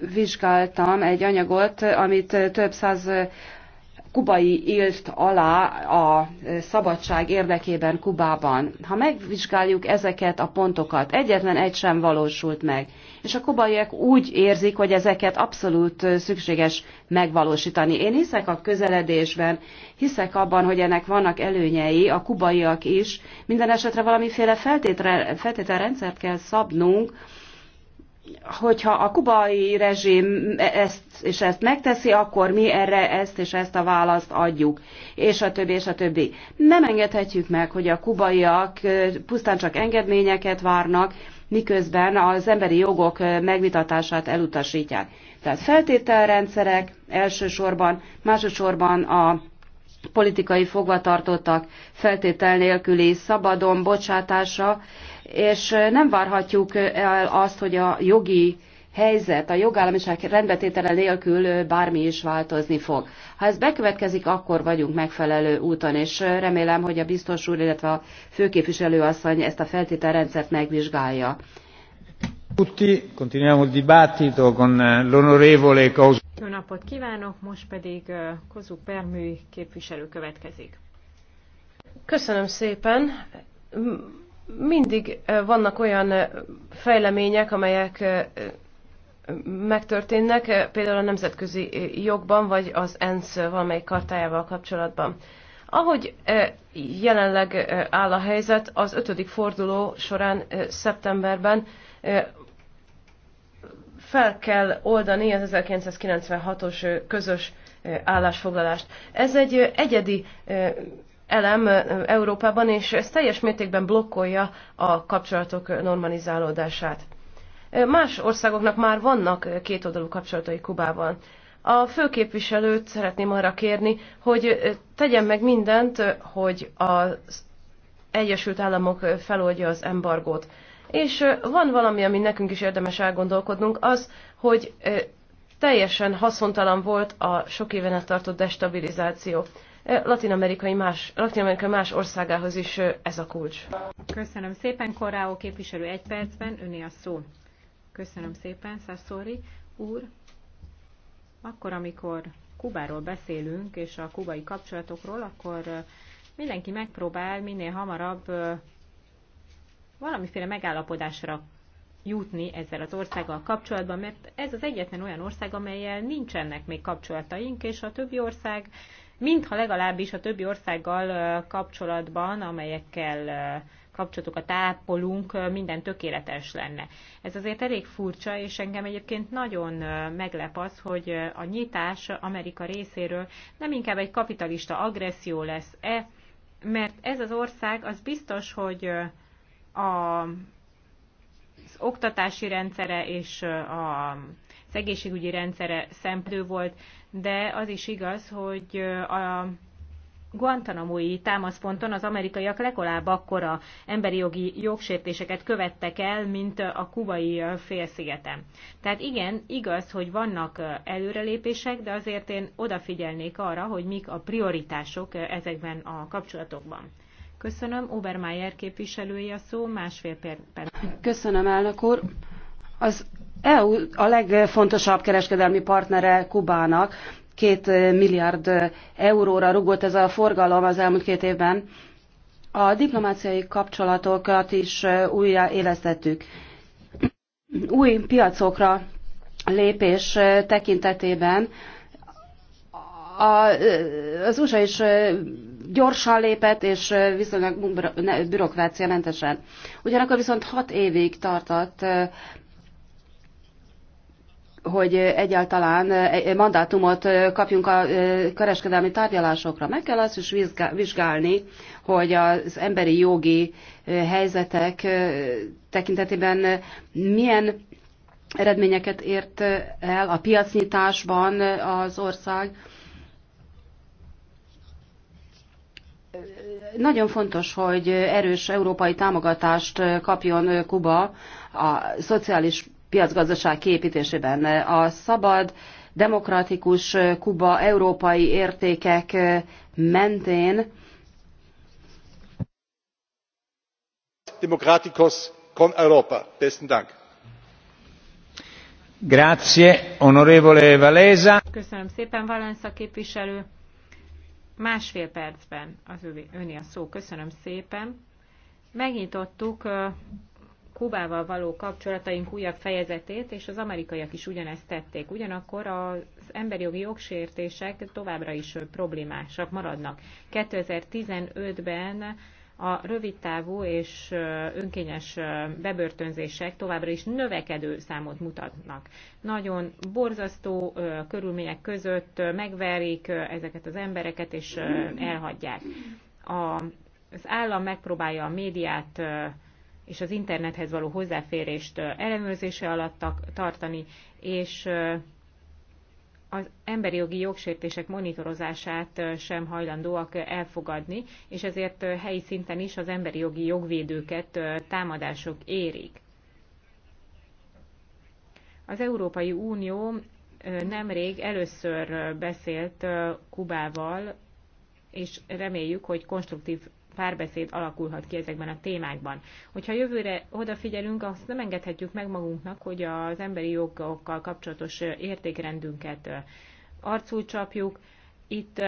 megvizsgáltam egy anyagot, amit több száz kubai élt alá a e, szabadság érdekében Kubában. Ha megvizsgáljuk ezeket a pontokat, egyetlen egy sem valósult meg, és a kubaiak úgy érzik, hogy ezeket abszolút e, szükséges megvalósítani. Én hiszek a közeledésben, hiszek abban, hogy ennek vannak előnyei, a kubaiak is. Minden esetre valamiféle feltételrendszert kell szabnunk, hogyha a kubai rezsim ezt és ezt megteszi, akkor mi erre ezt és ezt a választ adjuk, és a többi, és a többi. Nem engedhetjük meg, hogy a kubaiak pusztán csak engedményeket várnak, miközben az emberi jogok megvitatását elutasítják. Tehát feltételrendszerek elsősorban, másodszorban a politikai fogvatartottak feltétel nélküli szabadon bocsátása, és nem várhatjuk el azt, hogy a jogi helyzet, a jogállamiság rendbetétele nélkül bármi is változni fog. Ha ez bekövetkezik, akkor vagyunk megfelelő úton, és remélem, hogy a biztos úr, illetve a asszony ezt a feltételrendszert megvizsgálja. Tutti, continuiamo il dibattito con eh, l'onorevole Jó napot kívánok, most pedig Kozu Permű képviselő következik. Köszönöm szépen mindig vannak olyan fejlemények, amelyek megtörténnek, például a nemzetközi jogban, vagy az ENSZ valamelyik kartájával kapcsolatban. Ahogy jelenleg áll a helyzet, az ötödik forduló során szeptemberben fel kell oldani az 1996-os közös állásfoglalást. Ez egy egyedi elem Európában, és ez teljes mértékben blokkolja a kapcsolatok normalizálódását. Más országoknak már vannak kétoldalú kapcsolatai Kubával. A főképviselőt szeretném arra kérni, hogy tegyen meg mindent, hogy az Egyesült Államok feloldja az embargót. És van valami, ami nekünk is érdemes elgondolkodnunk, az, hogy teljesen haszontalan volt a sok éven át tartott destabilizáció. Latin-amerikai más, latin amerikai más országához is ez a kulcs. Köszönöm szépen, Korrao képviselő egy percben, öné a szó. Köszönöm szépen, Szaszori úr. Akkor, amikor Kubáról beszélünk, és a kubai kapcsolatokról, akkor mindenki megpróbál minél hamarabb valamiféle megállapodásra jutni ezzel az országgal kapcsolatban, mert ez az egyetlen olyan ország, amelyel nincsenek még kapcsolataink, és a többi ország mintha legalábbis a többi országgal kapcsolatban, amelyekkel kapcsolatokat ápolunk, minden tökéletes lenne. Ez azért elég furcsa, és engem egyébként nagyon meglep az, hogy a nyitás Amerika részéről nem inkább egy kapitalista agresszió lesz-e, mert ez az ország az biztos, hogy a az oktatási rendszere és a egészségügyi rendszere szemplő volt, de az is igaz, hogy a Guantanamo-i támaszponton az amerikaiak legalább akkora emberi jogi jogsértéseket követtek el, mint a kubai félszigeten. Tehát igen, igaz, hogy vannak előrelépések, de azért én odafigyelnék arra, hogy mik a prioritások ezekben a kapcsolatokban. Köszönöm, Obermeier képviselője a szó, másfél perc. Köszönöm, elnök úr. Az EU a legfontosabb kereskedelmi partnere Kubának, két milliárd euróra rugott ez a forgalom az elmúlt két évben. A diplomáciai kapcsolatokat is újra élesztettük. Új piacokra lépés tekintetében a, az USA is gyorsan lépett, és viszonylag bürokráciamentesen. Ugyanakkor viszont hat évig tartott hogy egyáltalán mandátumot kapjunk a kereskedelmi tárgyalásokra. Meg kell azt is vizsgálni, hogy az emberi jogi helyzetek tekintetében milyen eredményeket ért el a piacnyitásban az ország. Nagyon fontos, hogy erős európai támogatást kapjon Kuba a szociális piacgazdaság kiépítésében. A szabad, demokratikus Kuba európai értékek mentén Demokratikus con Europa. Besten Dank. Grazie, onorevole Valesa. Köszönöm szépen, Valensa képviselő. Másfél percben az övé, öné a szó. Köszönöm szépen. Megnyitottuk Kubával való kapcsolataink újabb fejezetét, és az amerikaiak is ugyanezt tették. Ugyanakkor az emberi jogi jogsértések továbbra is problémásak maradnak. 2015-ben a rövidtávú és önkényes bebörtönzések továbbra is növekedő számot mutatnak. Nagyon borzasztó körülmények között megverik ezeket az embereket, és elhagyják. az állam megpróbálja a médiát és az internethez való hozzáférést ellenőrzése alatt tartani, és az emberi jogi jogsértések monitorozását sem hajlandóak elfogadni, és ezért helyi szinten is az emberi jogi jogvédőket támadások érik. Az Európai Unió nemrég először beszélt Kubával, és reméljük, hogy konstruktív párbeszéd alakulhat ki ezekben a témákban. Hogyha jövőre odafigyelünk, azt nem engedhetjük meg magunknak, hogy az emberi jogokkal kapcsolatos értékrendünket arcul csapjuk. Itt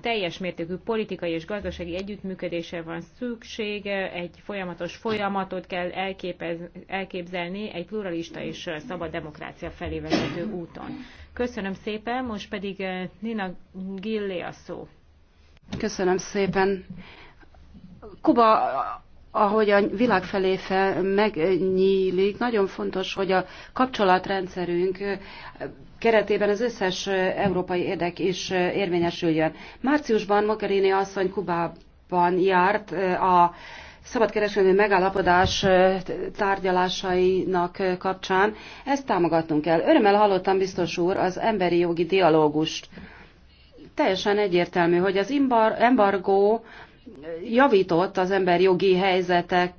teljes mértékű politikai és gazdasági együttműködésre van szükség, egy folyamatos folyamatot kell elképez, elképzelni egy pluralista és szabad demokrácia felé vezető úton. Köszönöm szépen, most pedig Nina Gillé a szó. Köszönöm szépen. Kuba, ahogy a világ felé fel megnyílik, nagyon fontos, hogy a kapcsolatrendszerünk keretében az összes európai érdek is érvényesüljön. Márciusban Mogherini asszony Kubában járt a szabadkereskedelmi megállapodás tárgyalásainak kapcsán. Ezt támogatnunk kell. Örömmel hallottam, biztos úr, az emberi jogi dialógust. Teljesen egyértelmű, hogy az embargó javított az ember jogi helyzetek,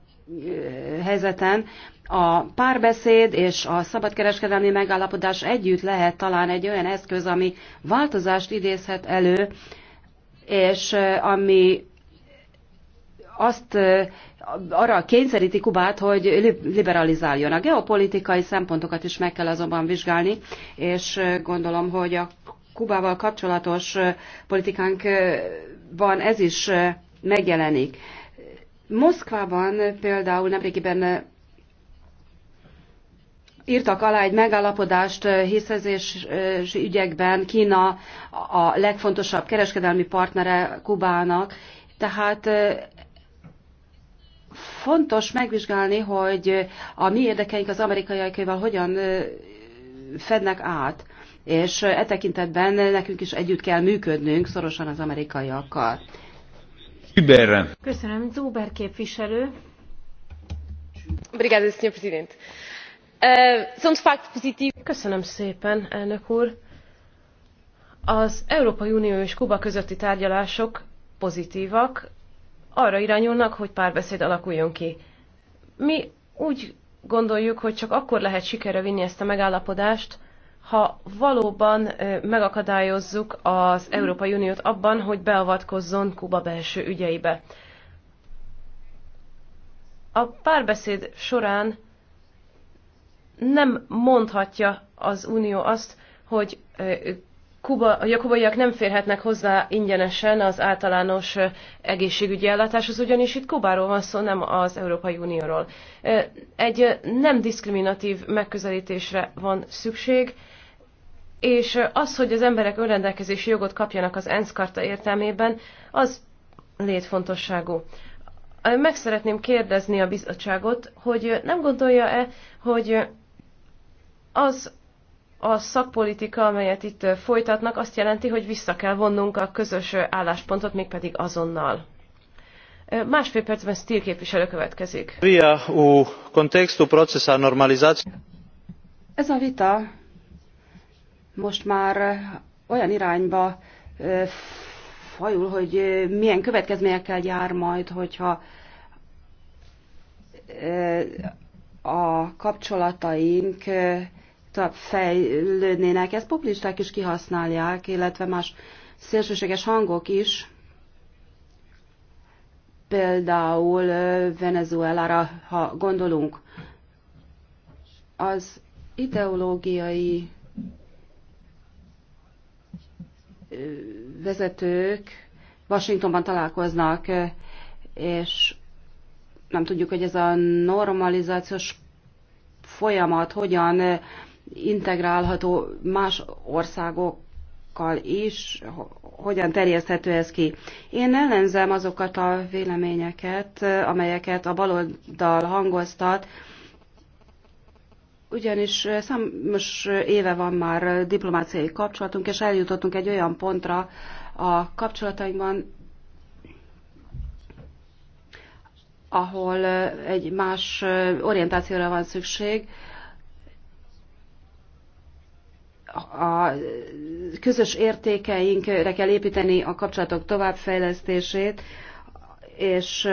helyzeten, a párbeszéd és a szabadkereskedelmi megállapodás együtt lehet talán egy olyan eszköz, ami változást idézhet elő, és ami azt arra kényszeríti Kubát, hogy liberalizáljon. A geopolitikai szempontokat is meg kell azonban vizsgálni, és gondolom, hogy a Kubával kapcsolatos politikánkban ez is megjelenik. Moszkvában például nemrégiben írtak alá egy megállapodást hiszezés ügyekben Kína a legfontosabb kereskedelmi partnere Kubának, tehát fontos megvizsgálni, hogy a mi érdekeink az amerikaiakéval hogyan fednek át, és e tekintetben nekünk is együtt kell működnünk szorosan az amerikaiakkal. Überre. Köszönöm, Zuber képviselő. Obrigada, Sr. Presidente. Eh, são de facto Köszönöm szépen, elnök úr. Az Európai Unió és Kuba közötti tárgyalások pozitívak, arra irányulnak, hogy párbeszéd alakuljon ki. Mi úgy gondoljuk, hogy csak akkor lehet sikerre vinni ezt a megállapodást, ha valóban megakadályozzuk az Európai Uniót abban, hogy beavatkozzon Kuba belső ügyeibe. A párbeszéd során nem mondhatja az Unió azt, hogy Kuba, a kubaiak nem férhetnek hozzá ingyenesen az általános egészségügyi ellátáshoz, ugyanis itt Kubáról van szó, nem az Európai Unióról. Egy nem diszkriminatív megközelítésre van szükség, és az, hogy az emberek önrendelkezési jogot kapjanak az ENSZ karta értelmében, az létfontosságú. Meg szeretném kérdezni a bizottságot, hogy nem gondolja-e, hogy az a szakpolitika, amelyet itt folytatnak, azt jelenti, hogy vissza kell vonnunk a közös álláspontot, mégpedig azonnal. Másfél percben Stil képviselő következik. Ez a vita most már olyan irányba fajul, hogy milyen következményekkel jár majd, hogyha a kapcsolataink fejlődnének. Ezt populisták is kihasználják, illetve más szélsőséges hangok is. Például Venezuelára, ha gondolunk, az ideológiai vezetők Washingtonban találkoznak, eh, és nem tudjuk, hogy ez a normalizációs folyamat hogyan eh, integrálható más országokkal is, hogyan terjeszthető ez ki. Én ellenzem azokat a véleményeket, eh, amelyeket a baloldal hangoztat, ugyanis számos éve van már diplomáciai kapcsolatunk, és eljutottunk egy olyan pontra a kapcsolatainkban, ahol egy más orientációra van szükség. A közös értékeinkre kell építeni a kapcsolatok továbbfejlesztését, és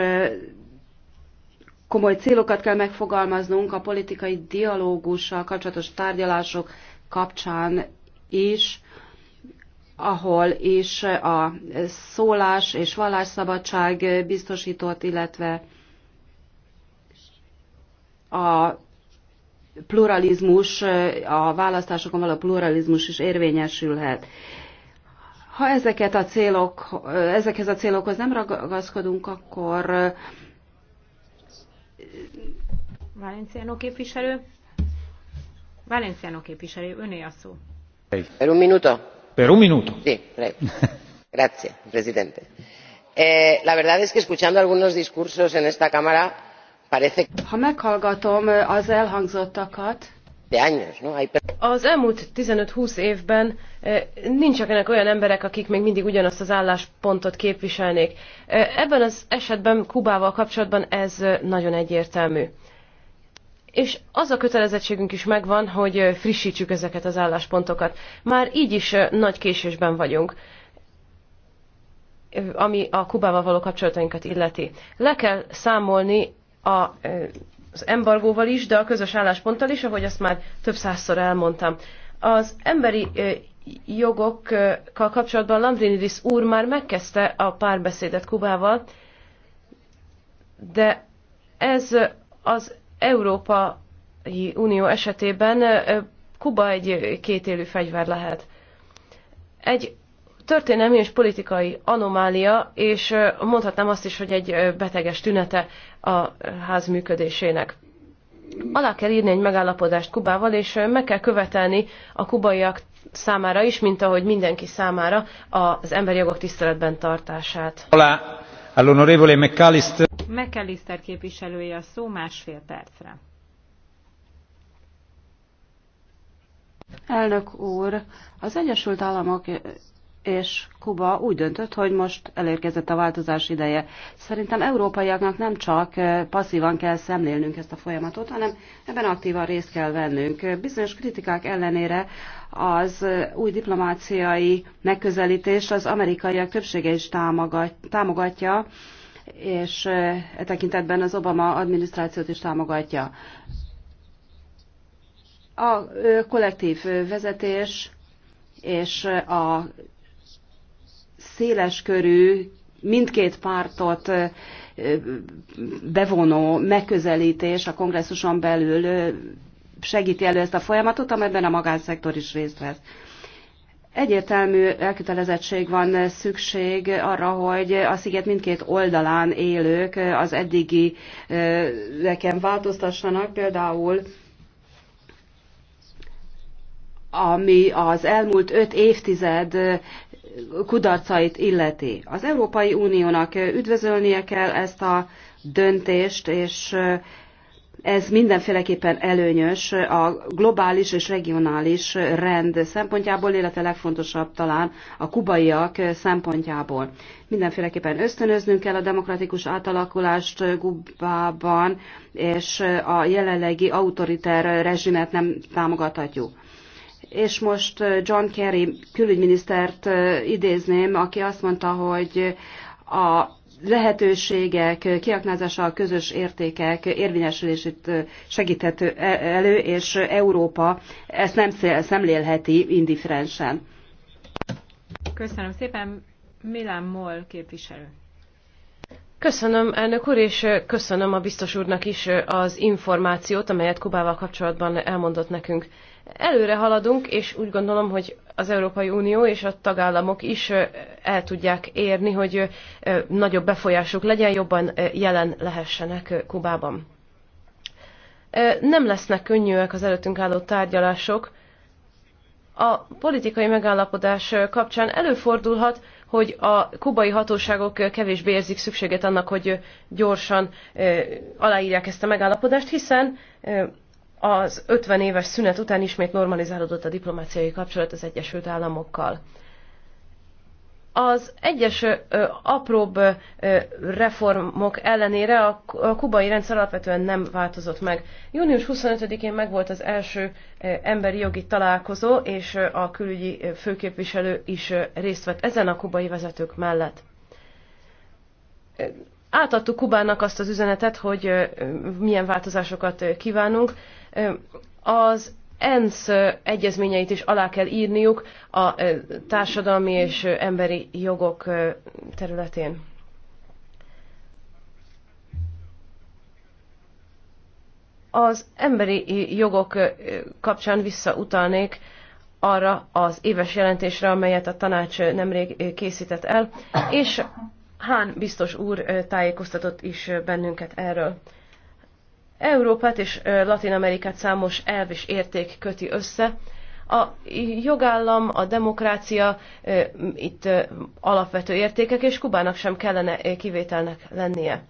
komoly célokat kell megfogalmaznunk a politikai dialógussal kapcsolatos tárgyalások kapcsán is, ahol is a szólás és vallásszabadság biztosított, illetve a pluralizmus, a választásokon való pluralizmus is érvényesülhet. Ha ezeket a célok, ezekhez a célokhoz nem ragaszkodunk, akkor Valenciano képviselő. Valenciano képviselő, öné a szó. Per un minuto. Per un minuto. Sí, prego. Grazie, presidente. Eh, la verdad es que escuchando algunos discursos en esta cámara parece. Ha meghallgatom eh, az elhangzottakat, az elmúlt 15-20 évben eh, nincsenek olyan emberek, akik még mindig ugyanazt az álláspontot képviselnék. Eh, ebben az esetben Kubával kapcsolatban ez eh, nagyon egyértelmű. És az a kötelezettségünk is megvan, hogy frissítsük ezeket az álláspontokat. Már így is nagy késésben vagyunk ami a Kubával való kapcsolatainkat illeti. Le kell számolni a az embargóval is, de a közös állásponttal is, ahogy azt már több százszor elmondtam. Az emberi jogokkal kapcsolatban Landrinidis úr már megkezdte a párbeszédet Kubával, de ez az Európai Unió esetében Kuba egy kétélű fegyver lehet. Egy történelmi és politikai anomália, és mondhatnám azt is, hogy egy beteges tünete a ház működésének. Alá kell írni egy megállapodást Kubával, és meg kell követelni a kubaiak számára is, mint ahogy mindenki számára az emberi jogok tiszteletben tartását. Alá, all'onorevole McAllister. McAllister képviselője a szó másfél percre. Elnök úr, az Egyesült Államok és Kuba úgy döntött, hogy most elérkezett a változás ideje. Szerintem európaiaknak nem csak passzívan kell szemlélnünk ezt a folyamatot, hanem ebben aktívan részt kell vennünk. Bizonyos kritikák ellenére az új diplomáciai megközelítés az amerikaiak többsége is támogatja, és e tekintetben az Obama adminisztrációt is támogatja. A kollektív vezetés és a széleskörű, mindkét pártot bevonó megközelítés a kongresszuson belül segíti elő ezt a folyamatot, amelyben a magánszektor is részt vesz. Egyértelmű elkötelezettség van szükség arra, hogy a sziget mindkét oldalán élők az eddigi nekem változtassanak, például ami az elmúlt öt évtized kudarcait illeti. Az Európai Uniónak üdvözölnie kell ezt a döntést, és ez mindenféleképpen előnyös a globális és regionális rend szempontjából, illetve legfontosabb talán a kubaiak szempontjából. Mindenféleképpen ösztönöznünk kell a demokratikus átalakulást Kubában, és a jelenlegi autoriter rezsimet nem támogathatjuk. És most eh, John Kerry külügyminisztert eh, idézném, aki azt mondta, hogy a lehetőségek kiaknázása a közös értékek érvényesülését eh, segíthet e-, elő, és Európa ezt nem szemlélheti indifferensen. Köszönöm szépen, Milán Moll képviselő. Köszönöm, elnök úr, és köszönöm a biztos úrnak is az információt, amelyet Kubával kapcsolatban elmondott nekünk. Előre haladunk, és úgy gondolom, hogy az Európai Unió és a tagállamok is el tudják érni, hogy nagyobb befolyásuk legyen, jobban jelen lehessenek Kubában. Nem lesznek könnyűek az előttünk álló tárgyalások. A politikai megállapodás kapcsán előfordulhat, hogy a kubai hatóságok kevésbé érzik szükséget annak, hogy gyorsan aláírják ezt a megállapodást, hiszen az 50 éves szünet után ismét normalizálódott a diplomáciai kapcsolat az Egyesült Államokkal. Az egyes ö, apróbb ö, reformok ellenére a, a kubai rendszer alapvetően nem változott meg. Június 25-én megvolt az első ö, emberi jogi találkozó, és ö, a külügyi ö, főképviselő is ö, részt vett ezen a kubai vezetők mellett átadtuk Kubának azt az üzenetet, hogy milyen változásokat kívánunk, az ENSZ egyezményeit is alá kell írniuk a társadalmi és emberi jogok területén. Az emberi jogok kapcsán visszautalnék arra az éves jelentésre, amelyet a tanács nemrég készített el, és Hán biztos úr tájékoztatott is bennünket erről. Európát és Latin Amerikát számos elv és érték köti össze. A jogállam, a demokrácia itt alapvető értékek, és Kubának sem kellene kivételnek lennie.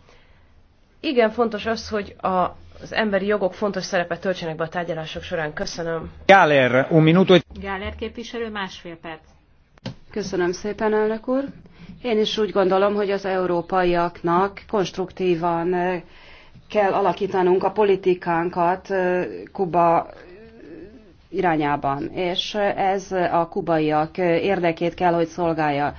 Igen, fontos az, hogy a az emberi jogok fontos szerepet töltsenek be a tárgyalások során. Köszönöm. Gáler, un minuto. E- Gáler képviselő, másfél perc. Köszönöm szépen, elnök úr. Én is úgy gondolom, hogy az európaiaknak konstruktívan kell alakítanunk a politikánkat Kuba irányában, és ez a kubaiak érdekét kell, hogy szolgálja.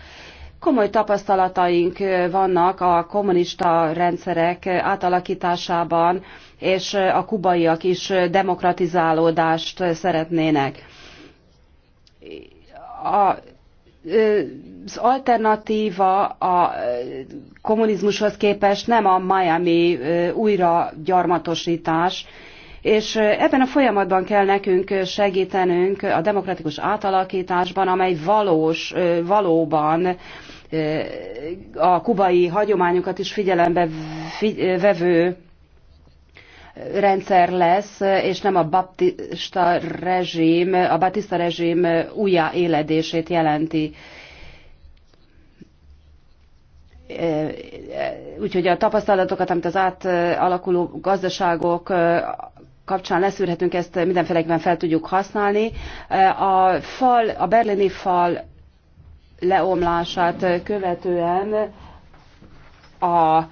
Komoly tapasztalataink vannak a kommunista rendszerek átalakításában, és a kubaiak is demokratizálódást szeretnének. A az alternatíva a kommunizmushoz képest nem a Miami újra gyarmatosítás, és ebben a folyamatban kell nekünk segítenünk a demokratikus átalakításban, amely valós, valóban a kubai hagyományokat is figyelembe vevő rendszer lesz, és nem a baptista rezsim, a baptista rezsim újjáéledését jelenti. Úgyhogy a tapasztalatokat, amit az átalakuló gazdaságok kapcsán leszűrhetünk, ezt mindenféleképpen fel tudjuk használni. A fal, a berlini fal leomlását követően a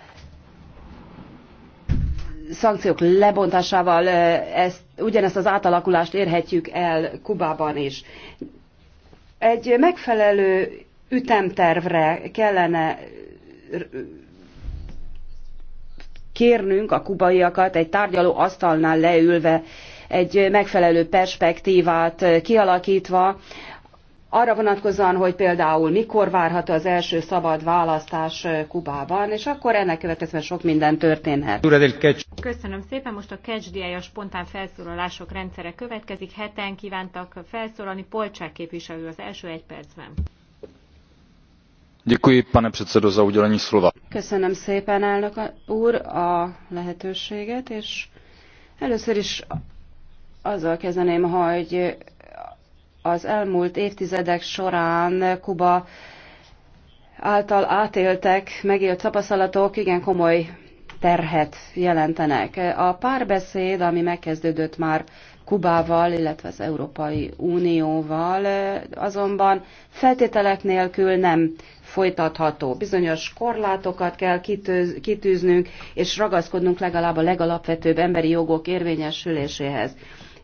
szankciók lebontásával ezt, ugyanezt az átalakulást érhetjük el Kubában is. Egy megfelelő ütemtervre kellene kérnünk a kubaiakat egy tárgyaló asztalnál leülve, egy megfelelő perspektívát kialakítva, arra vonatkozóan, hogy például mikor várható az első szabad választás eh, Kubában, és akkor ennek következően sok minden történhet. Köszönöm szépen, most a kecsdiai a spontán felszólalások rendszere következik. Heten kívántak felszólalni, Polcsák képviselő az első egy percben. Děkuji, pane předsedo, za udělení slova. Köszönöm szépen, elnök úr, a lehetőséget, és először is azzal kezdeném, hogy az elmúlt évtizedek során Kuba által átéltek, megélt tapasztalatok igen komoly terhet jelentenek. A párbeszéd, ami megkezdődött már Kubával, illetve az Európai Unióval, azonban feltételek nélkül nem folytatható. Bizonyos korlátokat kell kitűz, kitűznünk, és ragaszkodnunk legalább a legalapvetőbb emberi jogok érvényesüléséhez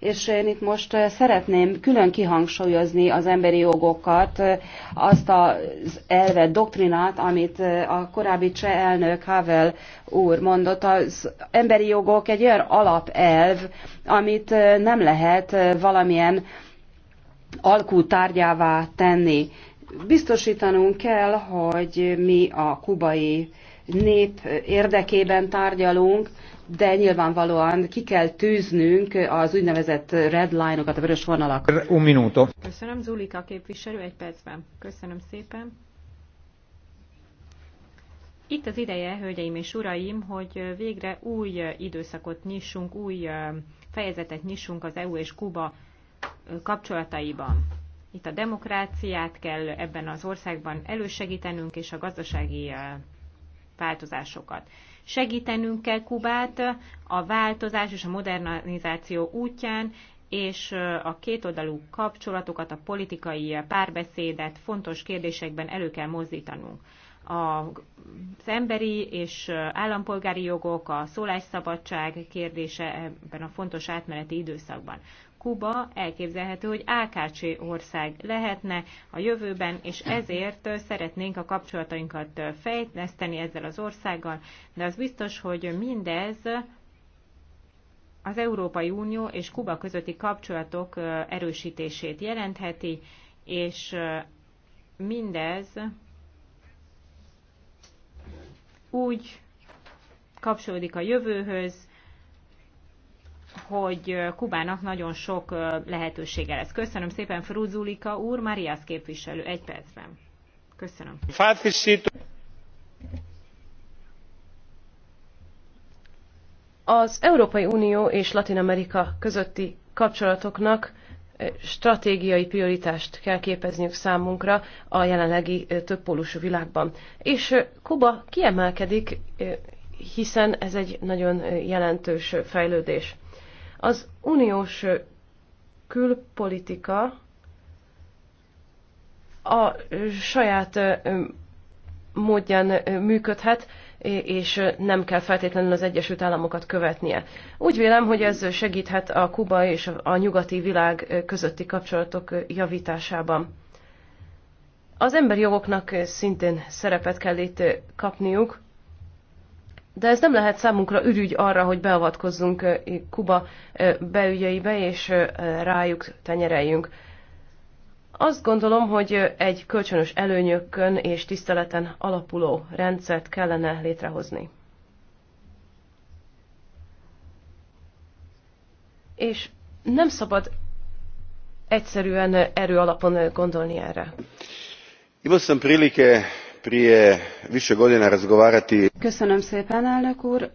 és én itt most eh, szeretném külön kihangsúlyozni az emberi jogokat, eh, azt az elvet, doktrinát, amit eh, a korábbi cseh elnök Havel úr mondott. Az emberi jogok egy olyan alapelv, amit nem lehet valamilyen alkú tárgyává tenni. Biztosítanunk kell, hogy mi a kubai nép érdekében tárgyalunk, de nyilvánvalóan ki kell tűznünk az úgynevezett red line-okat, a vörös vonalakat. Un minuto. Köszönöm, Zulika képviselő, egy percben. Köszönöm szépen. Itt az ideje, hölgyeim és uraim, hogy végre új időszakot nyissunk, új fejezetet nyissunk az EU és Kuba kapcsolataiban. Itt a demokráciát kell ebben az országban elősegítenünk, és a gazdasági változásokat. Segítenünk kell Kubát a változás és a modernizáció útján, és a kétoldalú kapcsolatokat, a politikai párbeszédet fontos kérdésekben elő kell mozdítanunk. Az emberi és állampolgári jogok, a szólásszabadság kérdése ebben a fontos átmeneti időszakban. Kuba elképzelhető, hogy AKC ország lehetne a jövőben, és ezért szeretnénk a kapcsolatainkat fejleszteni ezzel az országgal, de az biztos, hogy mindez az Európai Unió és Kuba közötti kapcsolatok erősítését jelentheti, és mindez úgy kapcsolódik a jövőhöz, hogy Kubának nagyon sok lehetősége lesz. Köszönöm szépen, Fruzulika úr, Marias képviselő, egy percben. Köszönöm. Az Európai Unió és Latin Amerika közötti kapcsolatoknak stratégiai prioritást kell képezniük számunkra a jelenlegi többpólusú világban. És Kuba kiemelkedik, hiszen ez egy nagyon jelentős fejlődés. Az uniós külpolitika a saját módján működhet, és nem kell feltétlenül az Egyesült Államokat követnie. Úgy vélem, hogy ez segíthet a Kuba és a nyugati világ közötti kapcsolatok javításában. Az emberi jogoknak szintén szerepet kell itt kapniuk, de ez nem lehet számunkra ürügy arra, hogy beavatkozzunk Kuba beügyeibe és rájuk tenyereljünk. Azt gondolom, hogy egy kölcsönös előnyökön és tiszteleten alapuló rendszert kellene létrehozni. És nem szabad egyszerűen erő alapon gondolni erre. Imao sam prilike prije više godina razgovarati. Köszönöm szépen, elnök úr.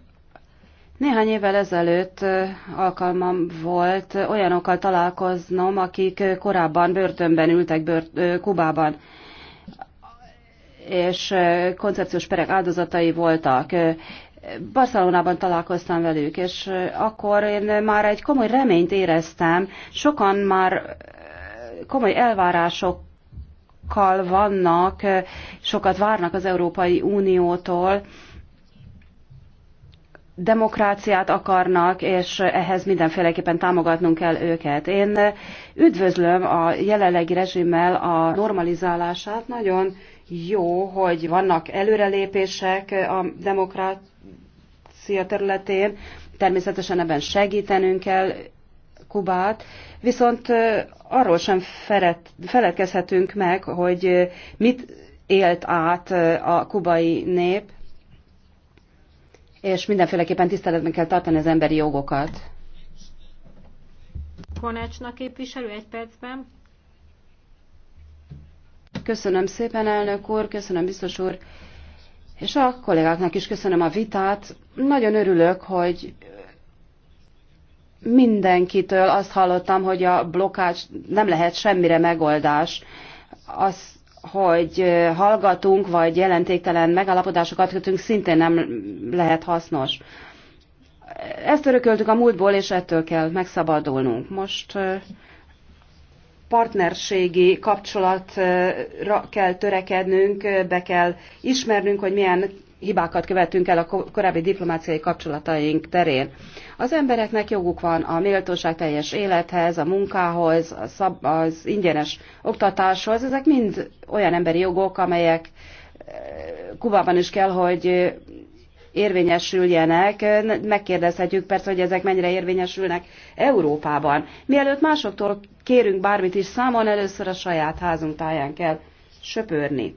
Néhány évvel ezelőtt alkalmam volt olyanokkal találkoznom, akik korábban börtönben ültek bört, Kubában, és koncepciós perek áldozatai voltak. Barcelonában találkoztam velük, és akkor én már egy komoly reményt éreztem. Sokan már komoly elvárások sokkal vannak, sokat várnak az Európai Uniótól, demokráciát akarnak, és ehhez mindenféleképpen támogatnunk kell őket. Én üdvözlöm a jelenlegi rezsimmel a normalizálását. Nagyon jó, hogy vannak előrelépések a demokrácia területén. Természetesen ebben segítenünk kell Kubát, viszont arról sem feledkezhetünk meg, hogy mit élt át a kubai nép, és mindenféleképpen tiszteletben kell tartani az emberi jogokat. Konácsnak képviselő egy percben. Köszönöm szépen, elnök úr, köszönöm biztos úr, és a kollégáknak is köszönöm a vitát. Nagyon örülök, hogy mindenkitől azt hallottam, hogy a blokkács nem lehet semmire megoldás. Az, hogy hallgatunk, vagy jelentéktelen megállapodásokat kötünk, szintén nem lehet hasznos. Ezt örököltük a múltból, és ettől kell megszabadulnunk. Most partnerségi kapcsolatra kell törekednünk, be kell ismernünk, hogy milyen hibákat követünk el a korábbi diplomáciai kapcsolataink terén. Az embereknek joguk van a méltóság teljes élethez, a munkához, a szab, az ingyenes oktatáshoz. Ezek mind olyan emberi jogok, amelyek eh, Kubában is kell, hogy eh, érvényesüljenek. Megkérdezhetjük persze, hogy ezek mennyire érvényesülnek Európában. Mielőtt másoktól kérünk bármit is számon, először a saját házunk táján kell söpörni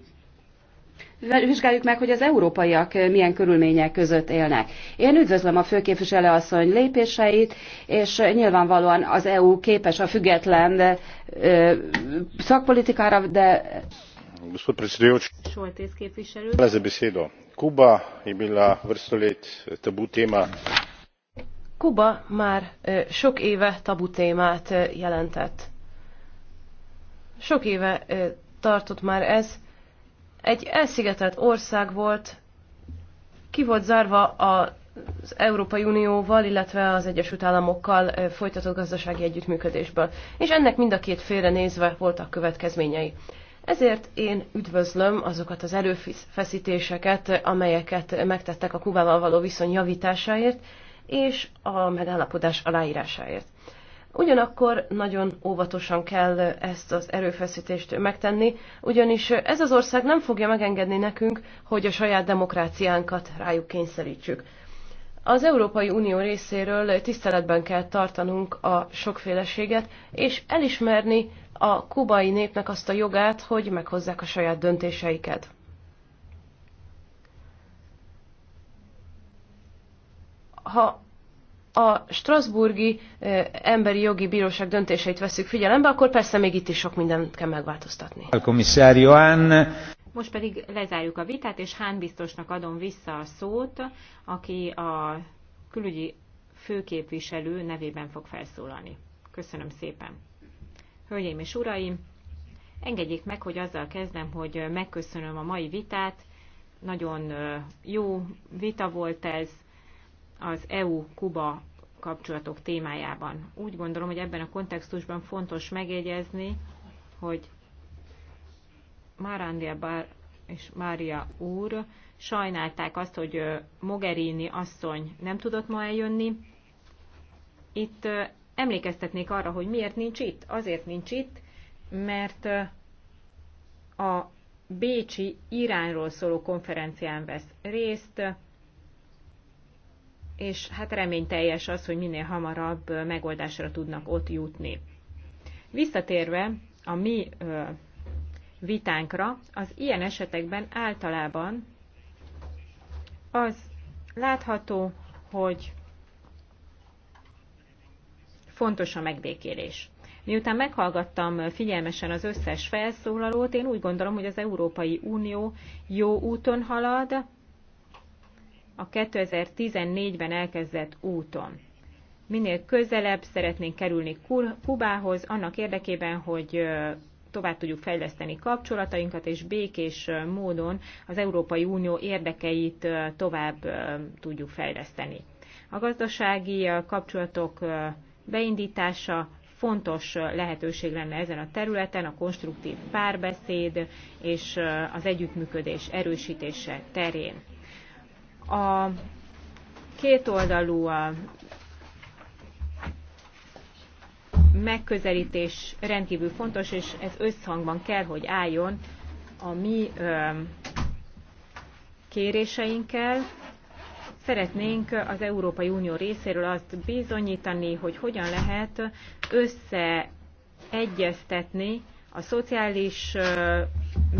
vizsgáljuk meg, hogy az európaiak milyen körülmények között élnek. Én üdvözlöm a főképviselő asszony lépéseit, és nyilvánvalóan az EU képes a független szakpolitikára, de... Gospod predsedujoči, hvala Kuba je bila tabu téma. Kuba már sok éve tabu témát jelentett. Sok éve tartott már ez, egy elszigetelt ország volt, ki volt zárva az Európai Unióval, illetve az Egyesült Államokkal folytatott gazdasági együttműködésből. És ennek mind a két félre nézve voltak következményei. Ezért én üdvözlöm azokat az erőfeszítéseket, amelyeket megtettek a Kubával való viszony javításáért és a megállapodás aláírásáért. Ugyanakkor nagyon óvatosan kell ezt az erőfeszítést megtenni, ugyanis ez az ország nem fogja megengedni nekünk, hogy a saját demokráciánkat rájuk kényszerítsük. Az Európai Unió részéről tiszteletben kell tartanunk a sokféleséget, és elismerni a kubai népnek azt a jogát, hogy meghozzák a saját döntéseiket. Ha a Strasburgi Emberi Jogi Bíróság döntéseit veszük figyelembe, akkor persze még itt is sok mindent kell megváltoztatni. Most pedig lezárjuk a vitát, és Hán biztosnak adom vissza a szót, aki a külügyi főképviselő nevében fog felszólalni. Köszönöm szépen. Hölgyeim és uraim, engedjék meg, hogy azzal kezdem, hogy megköszönöm a mai vitát. Nagyon jó vita volt ez az EU-Kuba kapcsolatok témájában. Úgy gondolom, hogy ebben a kontextusban fontos megjegyezni, hogy Márándia Bár és Mária úr sajnálták azt, hogy Mogherini asszony nem tudott ma eljönni. Itt emlékeztetnék arra, hogy miért nincs itt. Azért nincs itt, mert a Bécsi Iránról szóló konferencián vesz részt, és hát reményteljes az, hogy minél hamarabb megoldásra tudnak ott jutni. Visszatérve a mi vitánkra, az ilyen esetekben általában az látható, hogy fontos a megbékélés. Miután meghallgattam figyelmesen az összes felszólalót, én úgy gondolom, hogy az Európai Unió jó úton halad, a 2014-ben elkezdett úton. Minél közelebb szeretnénk kerülni Kubához, annak érdekében, hogy tovább tudjuk fejleszteni kapcsolatainkat, és békés módon az Európai Unió érdekeit tovább tudjuk fejleszteni. A gazdasági kapcsolatok beindítása fontos lehetőség lenne ezen a területen a konstruktív párbeszéd és az együttműködés erősítése terén. A kétoldalú a megközelítés rendkívül fontos, és ez összhangban kell, hogy álljon a mi kéréseinkkel. Szeretnénk az Európai Unió részéről azt bizonyítani, hogy hogyan lehet összeegyeztetni a szociális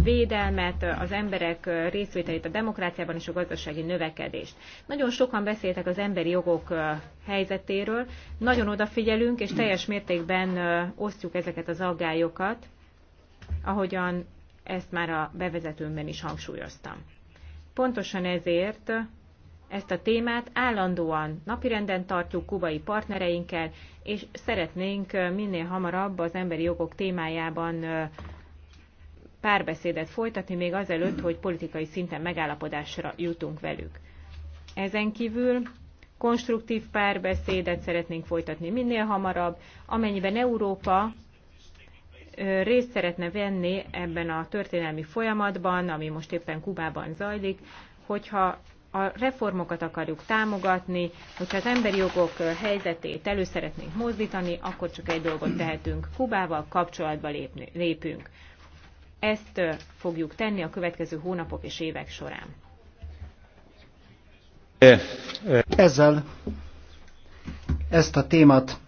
védelmet, az emberek részvételét a demokráciában és a gazdasági növekedést. Nagyon sokan beszéltek az emberi jogok helyzetéről, nagyon odafigyelünk, és teljes mértékben osztjuk ezeket az aggályokat, ahogyan ezt már a bevezetőmben is hangsúlyoztam. Pontosan ezért ezt a témát állandóan napirenden tartjuk kubai partnereinkkel, és szeretnénk minél hamarabb az emberi jogok témájában párbeszédet folytatni, még azelőtt, hogy politikai szinten megállapodásra jutunk velük. Ezen kívül konstruktív párbeszédet szeretnénk folytatni minél hamarabb, amennyiben Európa részt szeretne venni ebben a történelmi folyamatban, ami most éppen Kubában zajlik, hogyha a reformokat akarjuk támogatni, hogyha az emberi jogok helyzetét elő szeretnénk mozdítani, akkor csak egy dolgot tehetünk, Kubával kapcsolatba lépni, lépünk. Ezt fogjuk tenni a következő hónapok és évek során. Ezzel ezt a témát